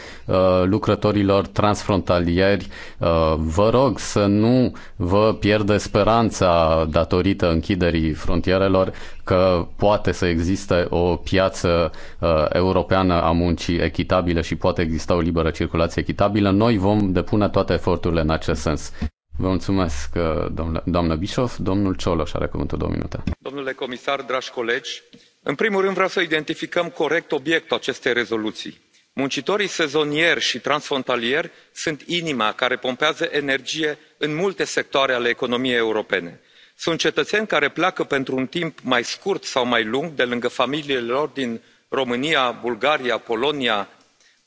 lucrătorilor transfrontalieri transfrontalieri. Uh, vă rog să nu vă pierde speranța datorită închiderii frontierelor că poate să existe o piață uh, europeană a muncii echitabilă și poate exista o liberă circulație echitabilă. Noi vom depune toate eforturile în acest sens. Vă mulțumesc, uh, doamnă, doamnă Bischoff. Domnul Cioloș are cuvântul două minute. Domnule comisar, dragi colegi, în primul rând vreau să identificăm corect obiectul acestei rezoluții muncitorii sezonieri și transfrontalieri sunt inima care pompează energie în multe sectoare ale economiei europene. sunt cetățeni care pleacă pentru un timp mai scurt sau mai lung de lângă familiile lor din românia bulgaria polonia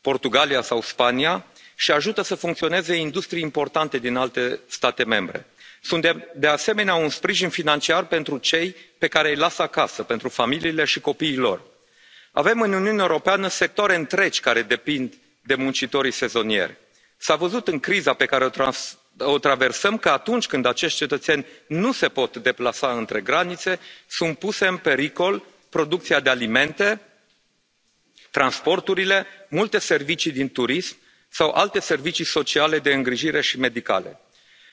portugalia sau spania și ajută să funcționeze industrii importante din alte state membre. sunt de asemenea un sprijin financiar pentru cei pe care îi lasă acasă pentru familiile și copiii lor avem în uniunea europeană sectoare întregi care depind de muncitorii sezonieri. s a văzut în criza pe care o traversăm că atunci când acești cetățeni nu se pot deplasa între granițe sunt puse în pericol producția de alimente transporturile multe servicii din turism sau alte servicii sociale de îngrijire și medicale.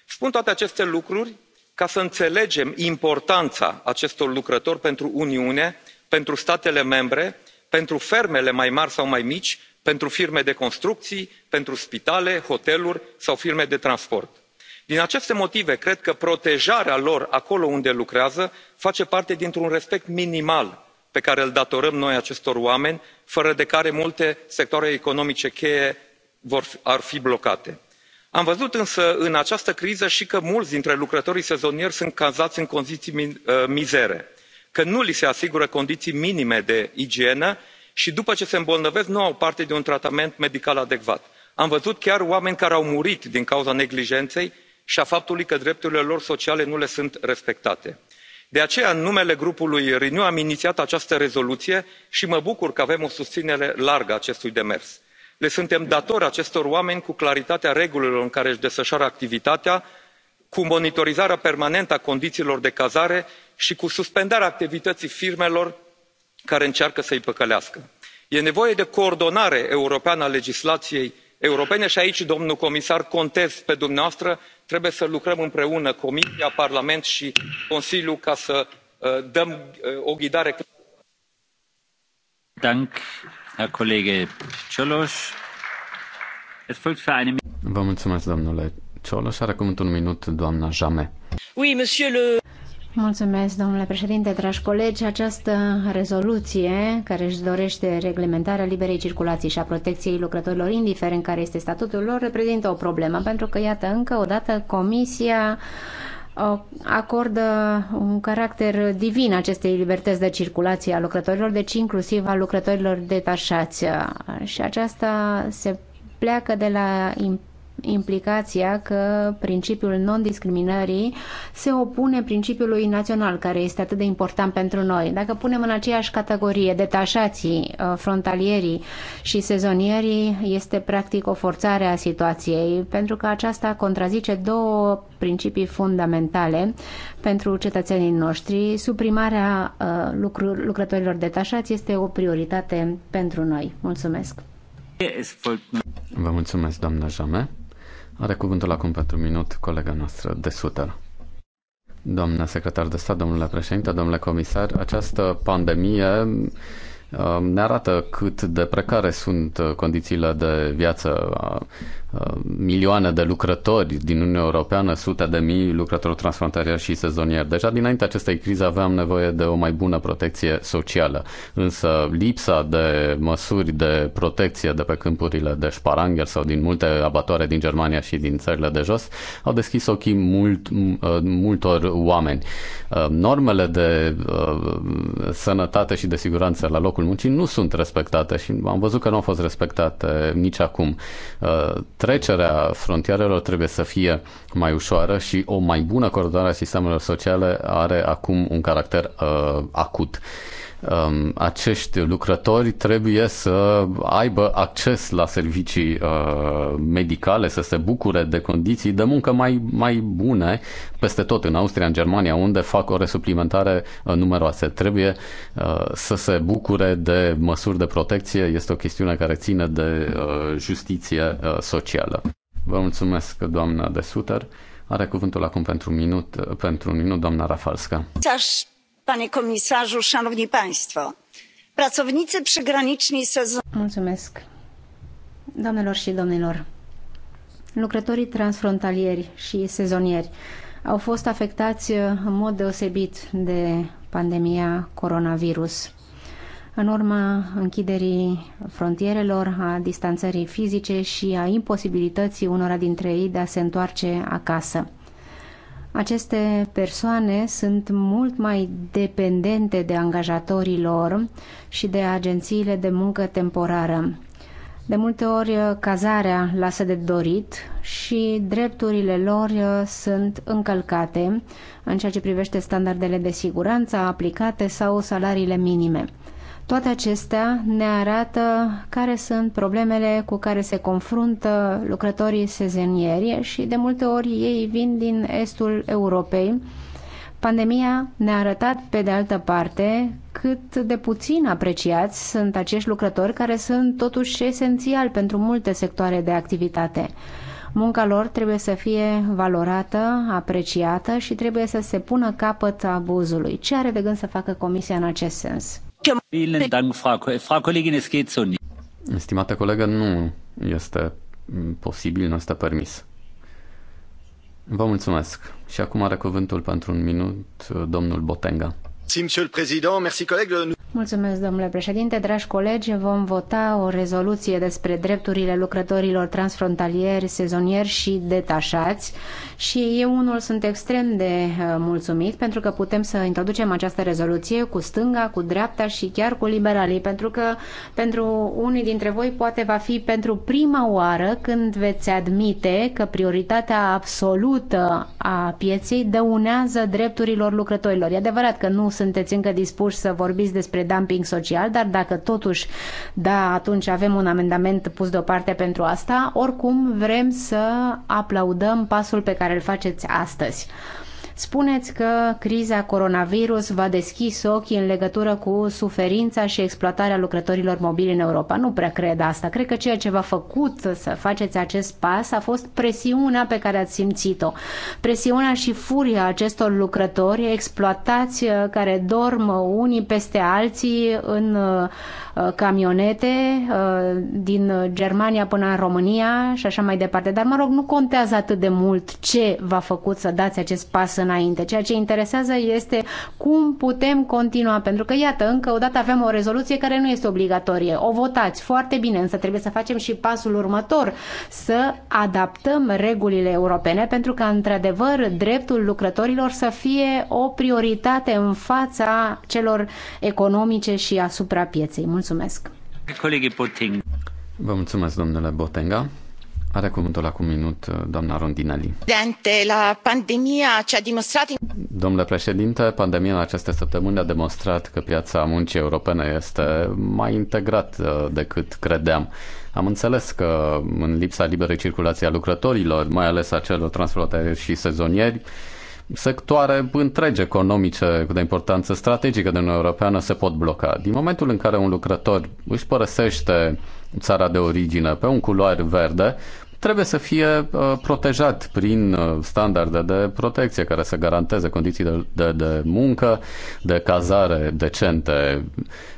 spun toate aceste lucruri ca să înțelegem importanța acestor lucrători pentru uniune pentru statele membre pentru fermele mai mari sau mai mici pentru firme de construcții pentru spitale hoteluri sau firme de transport. din aceste motive cred că protejarea lor acolo unde lucrează face parte dintr un respect minimal pe care îl datorăm noi acestor oameni fără de care multe sectoare economice cheie ar fi blocate. am văzut însă în această criză și că mulți dintre lucrătorii sezonieri sunt cazați în condiții uh, mizere că nu li se asigură condiții minime de igienă și după ce se îmbolnăvesc nu au parte de un tratament medical adecvat. am văzut chiar oameni care au murit din cauza neglijenței și a faptului că drepturile lor sociale nu le sunt respectate. de aceea în numele grupului renew am inițiat această rezoluție și mă bucur că avem o susținere largă a acestui demers. le suntem datori acestor oameni cu claritatea regulilor în care își desfășoară activitatea cu monitorizarea permanentă a condițiilor de cazare și cu suspendarea activității firmelor care încearcă să i păcălească. e nevoie de coordonare europeană a legislației europene și aici domnule comisar contez pe dumneavoastră trebuie să lucrăm împreună comisia parlament și consiliu ca să uh, dăm uh, o ghidare clară. domnule Cioloș are acum un minut, doamna Jame. Oui, monsieur le... Mulțumesc, domnule președinte, dragi colegi. Această rezoluție care își dorește reglementarea liberei circulații și a protecției lucrătorilor, indiferent care este statutul lor, reprezintă o problemă, pentru că, iată, încă o dată Comisia acordă un caracter divin acestei libertăți de circulație a lucrătorilor, deci inclusiv a lucrătorilor detașați. Și aceasta se pleacă de la implicația că principiul non-discriminării se opune principiului național, care este atât de important pentru noi. Dacă punem în aceeași categorie detașații, uh, frontalierii și sezonierii, este practic o forțare a situației, pentru că aceasta contrazice două principii fundamentale pentru cetățenii noștri. Suprimarea uh, lucr lucrătorilor detașați este o prioritate pentru noi. Mulțumesc! Vă mulțumesc, doamna Jame. Are cuvântul acum pentru minut colega noastră de sută. Doamna secretar de stat, domnule președinte, domnule comisar, această pandemie um, ne arată cât de precare sunt uh, condițiile de viață milioane de lucrători din Uniunea Europeană, sute de mii lucrători transfrontalieri și sezonieri. Deja dinainte acestei crize aveam nevoie de o mai bună protecție socială, însă lipsa de măsuri de protecție de pe câmpurile de Sparanger sau din multe abatoare din Germania și din țările de jos au deschis ochii mult, uh, multor oameni. Uh, normele de uh, sănătate și de siguranță la locul muncii nu sunt respectate și am văzut că nu au fost respectate nici acum trecerea frontierelor trebuie să fie mai ușoară și o mai bună coordonare a sistemelor sociale are acum un caracter uh, acut. Um, acești lucrători trebuie să aibă acces la servicii uh, medicale, să se bucure de condiții de muncă mai, mai bune peste tot în Austria, în Germania, unde fac ore suplimentare uh, numeroase. Trebuie uh, să se bucure de măsuri de protecție. Este o chestiune care ține de justiție socială. Vă mulțumesc, doamna de Suter. Are cuvântul acum pentru, un minut, pentru un minut, doamna Rafalska panie komisarzu szanowni państwo! pracownicy przygraniczni doamnelor și domnilor lucrătorii transfrontalieri și sezonieri au fost afectați uh, în mod deosebit de pandemia coronavirus. În urma închiderii frontierelor, a distanțării fizice și a imposibilității unora dintre ei de a se întoarce acasă. Aceste persoane sunt mult mai dependente de angajatorii lor și de agențiile de muncă temporară. De multe ori cazarea lasă de dorit și drepturile lor uh, sunt încălcate în ceea ce privește standardele de siguranță aplicate sau salariile minime. Toate acestea ne arată care sunt problemele cu care se confruntă lucrătorii sezenieri și de multe ori ei vin din estul Europei. Pandemia ne-a arătat, pe de altă parte, cât de puțin apreciați sunt acești lucrători care sunt totuși esențiali pentru multe sectoare de activitate. Munca lor trebuie să fie valorată, apreciată și trebuie să se pună capăt abuzului. Ce are de gând să facă Comisia în acest sens? Stimată colegă, nu este posibil, nu este permis. Vă mulțumesc. Și acum are cuvântul pentru un minut domnul Botenga. Mulțumesc. domnule președinte. Mulțumesc. Merci, Mulțumesc, domnule președinte. Dragi colegi, vom vota o rezoluție despre drepturile lucrătorilor transfrontalieri, sezonieri și detașați și eu unul sunt extrem de uh, mulțumit pentru că putem să introducem această rezoluție cu stânga, cu dreapta și chiar cu liberalii, pentru că pentru unii dintre voi poate va fi pentru prima oară când veți admite că prioritatea absolută a pieței dăunează drepturilor lucrătorilor. E adevărat că nu sunteți încă dispuși să vorbiți despre despre dumping social, dar dacă totuși, da, atunci avem un amendament pus deoparte pentru asta, oricum vrem să aplaudăm pasul pe care îl faceți astăzi. Spuneți că criza coronavirus va deschis ochii în legătură cu suferința și exploatarea lucrătorilor mobili în Europa. Nu prea cred asta. Cred că ceea ce v-a făcut să faceți acest pas a fost presiunea pe care ați simțit-o. Presiunea și furia acestor lucrători exploatați uh, care dorm unii peste alții în uh, Uh, camionete uh, din Germania până în România și așa mai departe. Dar, mă rog, nu contează atât de mult ce v-a făcut să dați acest pas înainte. Ceea ce interesează este cum putem continua, pentru că, iată, încă o dată avem o rezoluție care nu este obligatorie. O votați foarte bine, însă trebuie să facem și pasul următor, să adaptăm regulile europene pentru că într-adevăr, dreptul lucrătorilor să fie o prioritate în fața celor economice și asupra pieței. Mulțumesc! mulțumesc! Colegii Poting. Vă mulțumesc, domnule Botenga. Are cuvântul acum minut uh, doamna Rondinelli. La pandemia ce a demonstrat... Domnule președinte, pandemia în aceste săptămâni a demonstrat că piața muncii europene este mai integrată uh, decât credeam. Am înțeles că în lipsa liberei circulației a lucrătorilor, mai ales a celor transfrontalieri și sezonieri, sectoare întregi economice de importanță strategică de Uniunea Europeană se pot bloca. Din momentul în care un lucrător își părăsește țara de origine pe un culoar verde, trebuie să fie uh, protejat prin uh, standarde de protecție care să garanteze condiții de, de, de muncă, de cazare decente,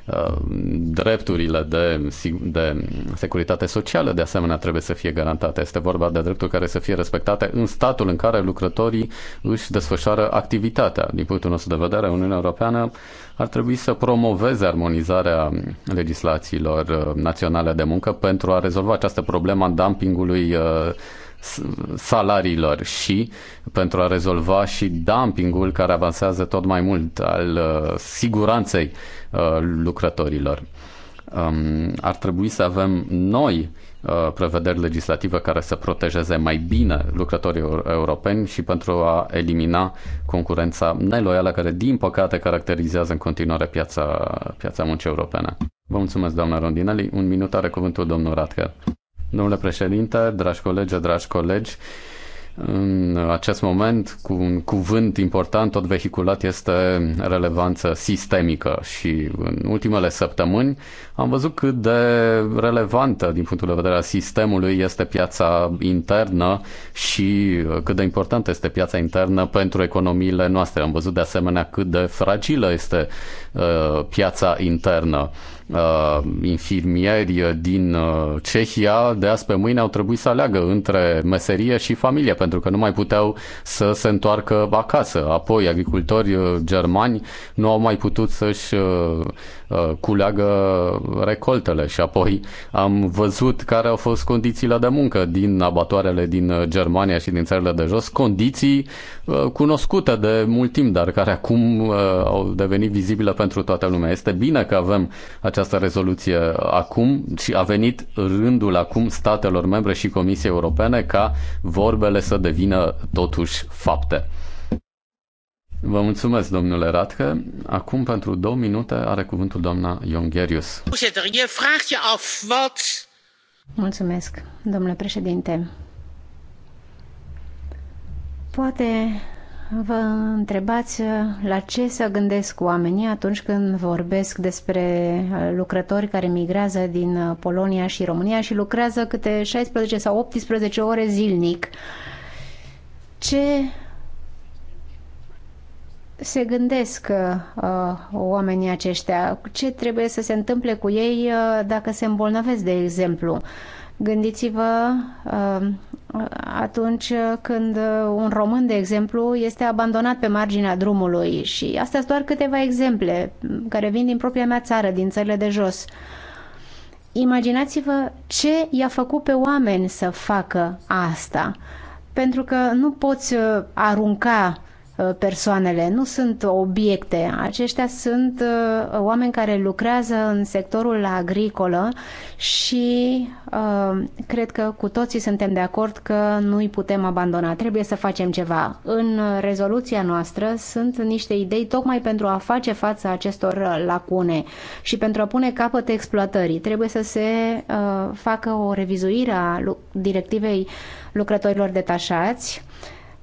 uh, drepturile de, de securitate socială, de asemenea, trebuie să fie garantate. Este vorba de drepturi care să fie respectate în statul în care lucrătorii își desfășoară activitatea. Din punctul nostru de vedere, Uniunea Europeană ar trebui să promoveze armonizarea legislațiilor uh, naționale de muncă pentru a rezolva această problemă a dumpingului uh, salariilor și pentru a rezolva și dumpingul care avansează tot mai mult al uh, siguranței lucrătorilor. Um, ar trebui să avem noi Uh, prevederi legislative care să protejeze mai bine lucrătorii europeni și pentru a elimina concurența neloială care, din păcate, caracterizează în continuare piața, piața muncii europene. Vă mulțumesc, doamna Rondinelli. Un minut are cuvântul domnul Radker. Domnule președinte, dragi colegi, dragi colegi, în acest moment, cu un cuvânt important, tot vehiculat este relevanță sistemică și în ultimele săptămâni am văzut cât de relevantă din punctul de vedere al sistemului este piața internă și uh, cât de importantă este piața internă pentru economiile noastre. Am văzut de asemenea cât de fragilă este uh, piața internă. Uh, uh, infirmieri uh, din uh, Cehia de azi pe mâine au trebuit să aleagă între meserie și familie, pentru că nu mai puteau să se întoarcă acasă. Apoi, agricultori uh, germani nu au mai putut să-și uh, uh culeagă recoltele și apoi am văzut care au fost condițiile de muncă din abatoarele din uh, Germania și din țările de jos, condiții cunoscute de mult timp, dar care acum au devenit vizibile pentru toată lumea. Este bine că avem această rezoluție acum și a venit rândul acum statelor membre și Comisiei Europene ca vorbele să devină totuși fapte. Vă mulțumesc, domnule Radke. Acum, pentru două minute, are cuvântul doamna Iongherius. Mulțumesc, domnule președinte. Poate vă întrebați uh, la ce să gândesc oamenii atunci când vorbesc despre uh, lucrători care migrează din uh, Polonia și România și lucrează câte 16 sau 18 ore zilnic. Ce se gândesc uh, oamenii aceștia? Ce trebuie să se întâmple cu ei uh, dacă se îmbolnăvesc, de exemplu? Uh, Gândiți-vă uh, atunci când un român, de exemplu, este abandonat pe marginea drumului și astea sunt doar câteva exemple care vin din propria mea țară, din țările de jos. Imaginați-vă ce i-a făcut pe oameni să facă asta. Pentru că nu poți uh, arunca Uh, persoanele, nu sunt obiecte. Aceștia sunt uh, oameni care lucrează în sectorul agricolă și uh, cred că cu toții suntem de acord că nu îi putem abandona. Trebuie să facem ceva. În rezoluția noastră sunt niște idei tocmai pentru a face față acestor lacune și pentru a pune capăt exploatării. Trebuie să se facă o revizuire a directivei lucrătorilor detașați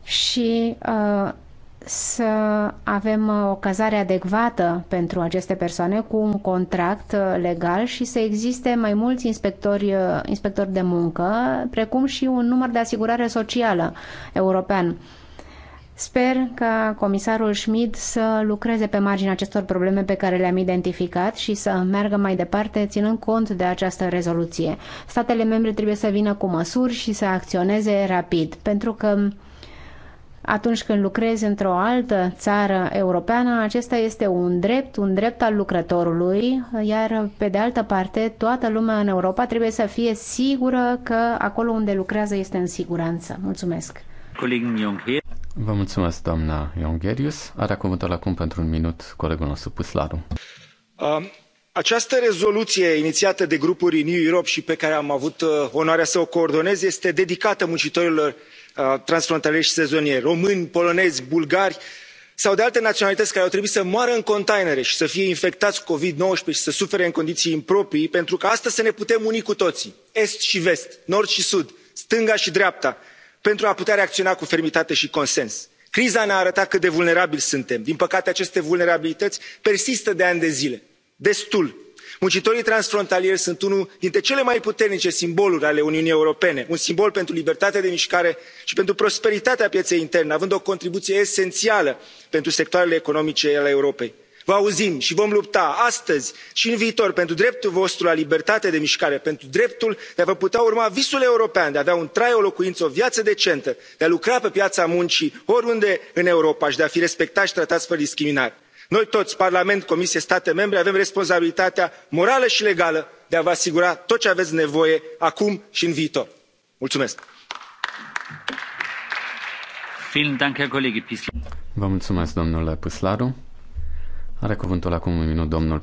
și uh, să avem uh, o cazare adecvată pentru aceste persoane cu un contract uh, legal și să existe mai mulți inspectori, uh, inspectori de muncă, precum și un număr de asigurare socială european. Sper ca comisarul Schmid să lucreze pe marginea acestor probleme pe care le-am identificat și să meargă mai departe, ținând cont de această rezoluție. Statele membre trebuie să vină cu măsuri și să acționeze rapid, pentru că atunci când lucrezi într-o altă țară europeană, acesta este un drept, un drept al lucrătorului, iar pe de altă parte, toată lumea în Europa trebuie să fie sigură că acolo unde lucrează este în siguranță. Mulțumesc! Vă mulțumesc, doamna Iongherius. Are cuvântul acum pentru un minut colegul nostru Puslaru. Um. Această rezoluție inițiată de grupuri New Europe și pe care am avut uh, onoarea să o coordonez este dedicată muncitorilor Uh, transfrontalieri și sezonieri români polonezi bulgari sau de alte naționalități care au trebuit să moară în containere și să fie infectați cu covid nouăsprezece și să sufere în condiții improprii pentru ca astăzi să ne putem uni cu toții est și vest nord și sud stânga și dreapta pentru a putea reacționa cu fermitate și consens. criza ne a arătat cât de vulnerabili suntem. din păcate aceste vulnerabilități persistă de ani de zile destul muncitorii transfrontalieri sunt unul dintre cele mai puternice simboluri ale uniunii europene un simbol pentru libertatea de mișcare și pentru prosperitatea pieței interne având o contribuție esențială pentru sectoarele economice ale europei. vă auzim și vom lupta astăzi și în viitor pentru dreptul vostru la libertate de mișcare pentru dreptul de a vă putea urma visul european de a avea un trai o locuință o viață decentă de a lucra pe piața muncii oriunde în europa și de a fi respectați și tratați fără discriminare noi toți parlament comisie state membre avem responsabilitatea morală și legală de a vă asigura tot ce aveți nevoie acum și în viitor. mulțumesc. Vă mulțumesc, Puslaru. Are acum domnul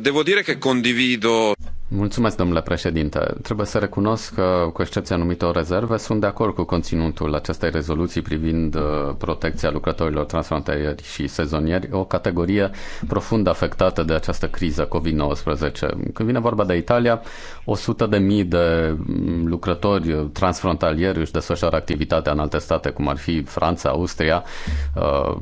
Devo dire condivido Mulțumesc, domnule președinte. Trebuie să recunosc că, cu excepția anumitor rezerve, sunt de acord cu conținutul acestei rezoluții privind uh, protecția lucrătorilor transfrontalieri și sezonieri, o categorie profund afectată de această criză COVID-19. Când vine vorba de Italia, 100.000 de mii de mm, lucrători transfrontalieri își desfășoară activitatea în alte state, cum ar fi Franța, Austria, uh,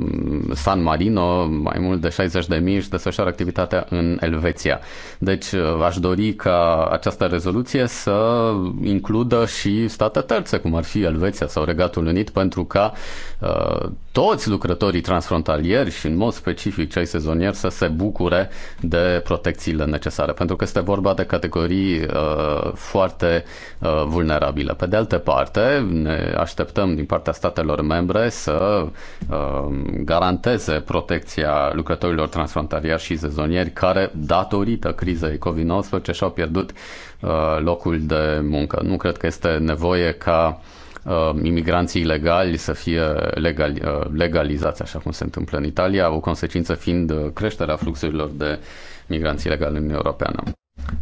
San Marino, mai mult de 60 de mii își desfășoară activitatea în Elveția. Deci uh, aș dori ca această rezoluție să includă și state terțe, cum ar fi Elveția sau Regatul Unit, pentru ca uh, toți lucrătorii transfrontalieri și în mod specific cei sezonieri să se bucure de protecțiile necesare, pentru că este vorba de categorii uh, foarte uh, vulnerabile. Pe de altă parte, ne așteptăm din partea statelor membre să uh, garanteze protecția lucrătorilor transfrontalieri și sezonieri care, datorită crizei COVID-19, și-au pierdut uh, locul de muncă. Nu cred că este nevoie ca uh, imigranții ilegali să fie legal, uh, legalizați, așa cum se întâmplă în Italia, o consecință fiind creșterea fluxurilor de migranți ilegali în Europeană.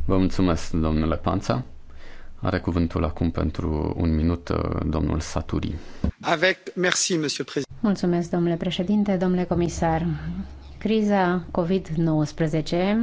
Vă mulțumesc, domnule Panța. Are cuvântul acum pentru un minut domnul Saturi. Avec, merci, monsieur président. Mulțumesc, domnule președinte, domnule comisar. Criza COVID-19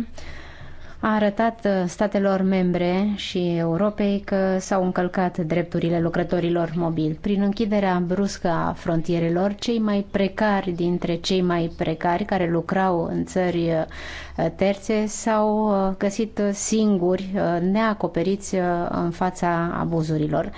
a arătat uh, statelor membre și Europei că s-au încălcat drepturile lucrătorilor mobili. Prin închiderea bruscă a frontierelor, cei mai precari dintre cei mai precari care lucrau în țări uh, terțe s-au uh, găsit singuri, neacoperiți în fața abuzurilor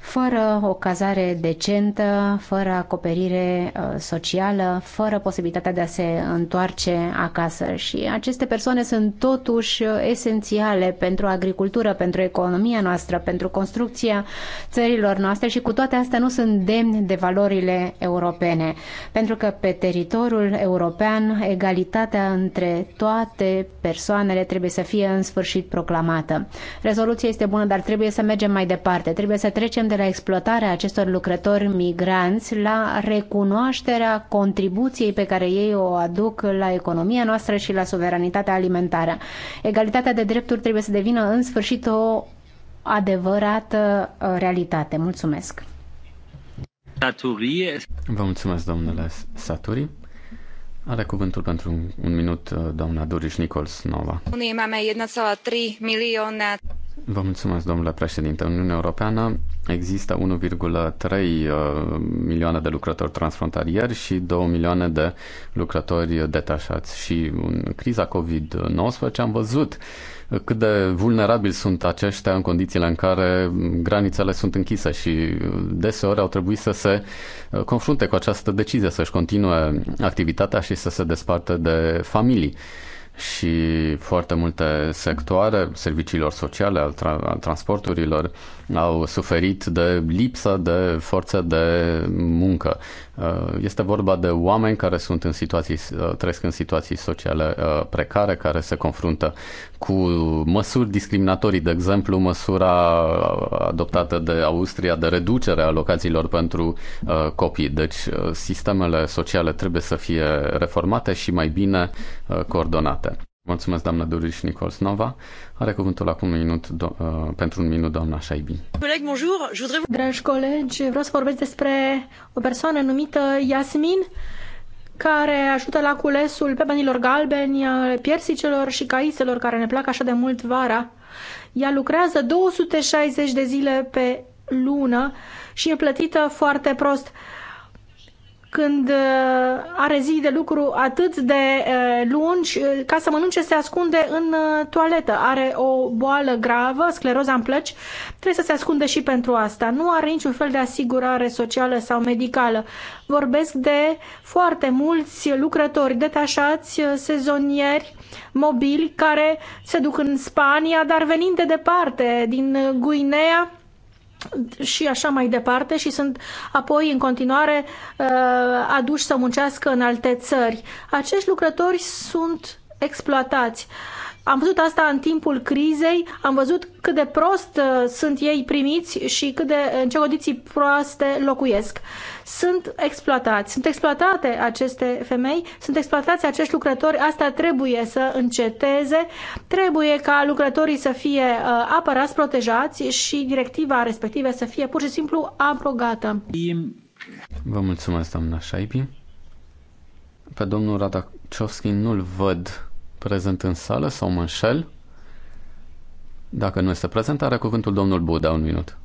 fără o cazare decentă, fără acoperire uh, socială, fără posibilitatea de a se întoarce acasă. Și aceste persoane sunt totuși uh, esențiale pentru agricultură, pentru economia noastră, pentru construcția țărilor noastre și cu toate astea nu sunt demni de valorile europene. Pentru că pe teritoriul european egalitatea între toate persoanele trebuie să fie în sfârșit proclamată. Rezoluția este bună, dar trebuie să mergem mai departe. Trebuie să trecem de la exploatarea acestor lucrători migranți la recunoașterea contribuției pe care ei o aduc la economia noastră și la suveranitatea alimentară. Egalitatea de drepturi trebuie să devină în sfârșit o adevărată uh, realitate. Mulțumesc! Vă mulțumesc, domnule Saturi. Are cuvântul pentru un minut uh, doamna Doris Nichols Nova. Unii mame 1,3 milioane. Vă mulțumesc, domnule președinte. În Uniunea Europeană există 1,3 uh, milioane de lucrători transfrontalieri și 2 milioane de lucrători detașați. Și în criza COVID-19 am văzut cât de vulnerabili sunt aceștia în condițiile în care granițele sunt închise și deseori au trebuit să se uh, confrunte cu această decizie, să-și continue activitatea și să se despartă de familii și foarte multe sectoare, serviciilor sociale, al, tra- al transporturilor, au suferit de lipsă de forță de muncă. Uh, este vorba de oameni care sunt în situații, uh, trăiesc în situații sociale uh, precare, care se confruntă cu măsuri discriminatorii, de exemplu măsura adoptată de Austria de reducere a locațiilor pentru copii. Deci sistemele sociale trebuie să fie reformate și mai bine coordonate. Mulțumesc, doamna Doriș Nicolsnova. Are cuvântul acum un minut, do- uh, pentru un minut, doamna Șaibi. Coleg, Dragi colegi, vreau să vorbesc despre o persoană numită Yasmin, care ajută la culesul pebenilor galbeni, piersicelor și caiselor care ne plac așa de mult vara. Ea lucrează 260 de zile pe lună și e plătită foarte prost. Uh, când uh, are zile de lucru atât de uh, lungi, uh, ca să mănânce se ascunde în toaletă. Are o boală gravă, scleroza în plăci, trebuie să se ascunde și pentru asta. Nu are niciun fel de asigurare socială sau medicală. Vorbesc de foarte mulți lucrători detașați, sezonieri, mobili, care se duc în Spania, dar venind de departe, din Guinea, și așa mai departe și sunt apoi în continuare uh, aduși să muncească în alte țări. Acești lucrători sunt exploatați. Am văzut asta în timpul crizei, am văzut cât de prost uh, sunt ei primiți și cât de, în ce condiții proaste locuiesc sunt exploatați. Sunt exploatate aceste femei, sunt exploatați acești lucrători, asta trebuie să înceteze, trebuie ca lucrătorii să fie uh, apărați, protejați și directiva respectivă să fie pur și simplu abrogată. Vă mulțumesc, doamna Șaipi. Pe domnul Radaciovski nu-l văd prezent în sală sau mă înșel. Dacă nu este prezent, are cuvântul domnul Buda, un minut.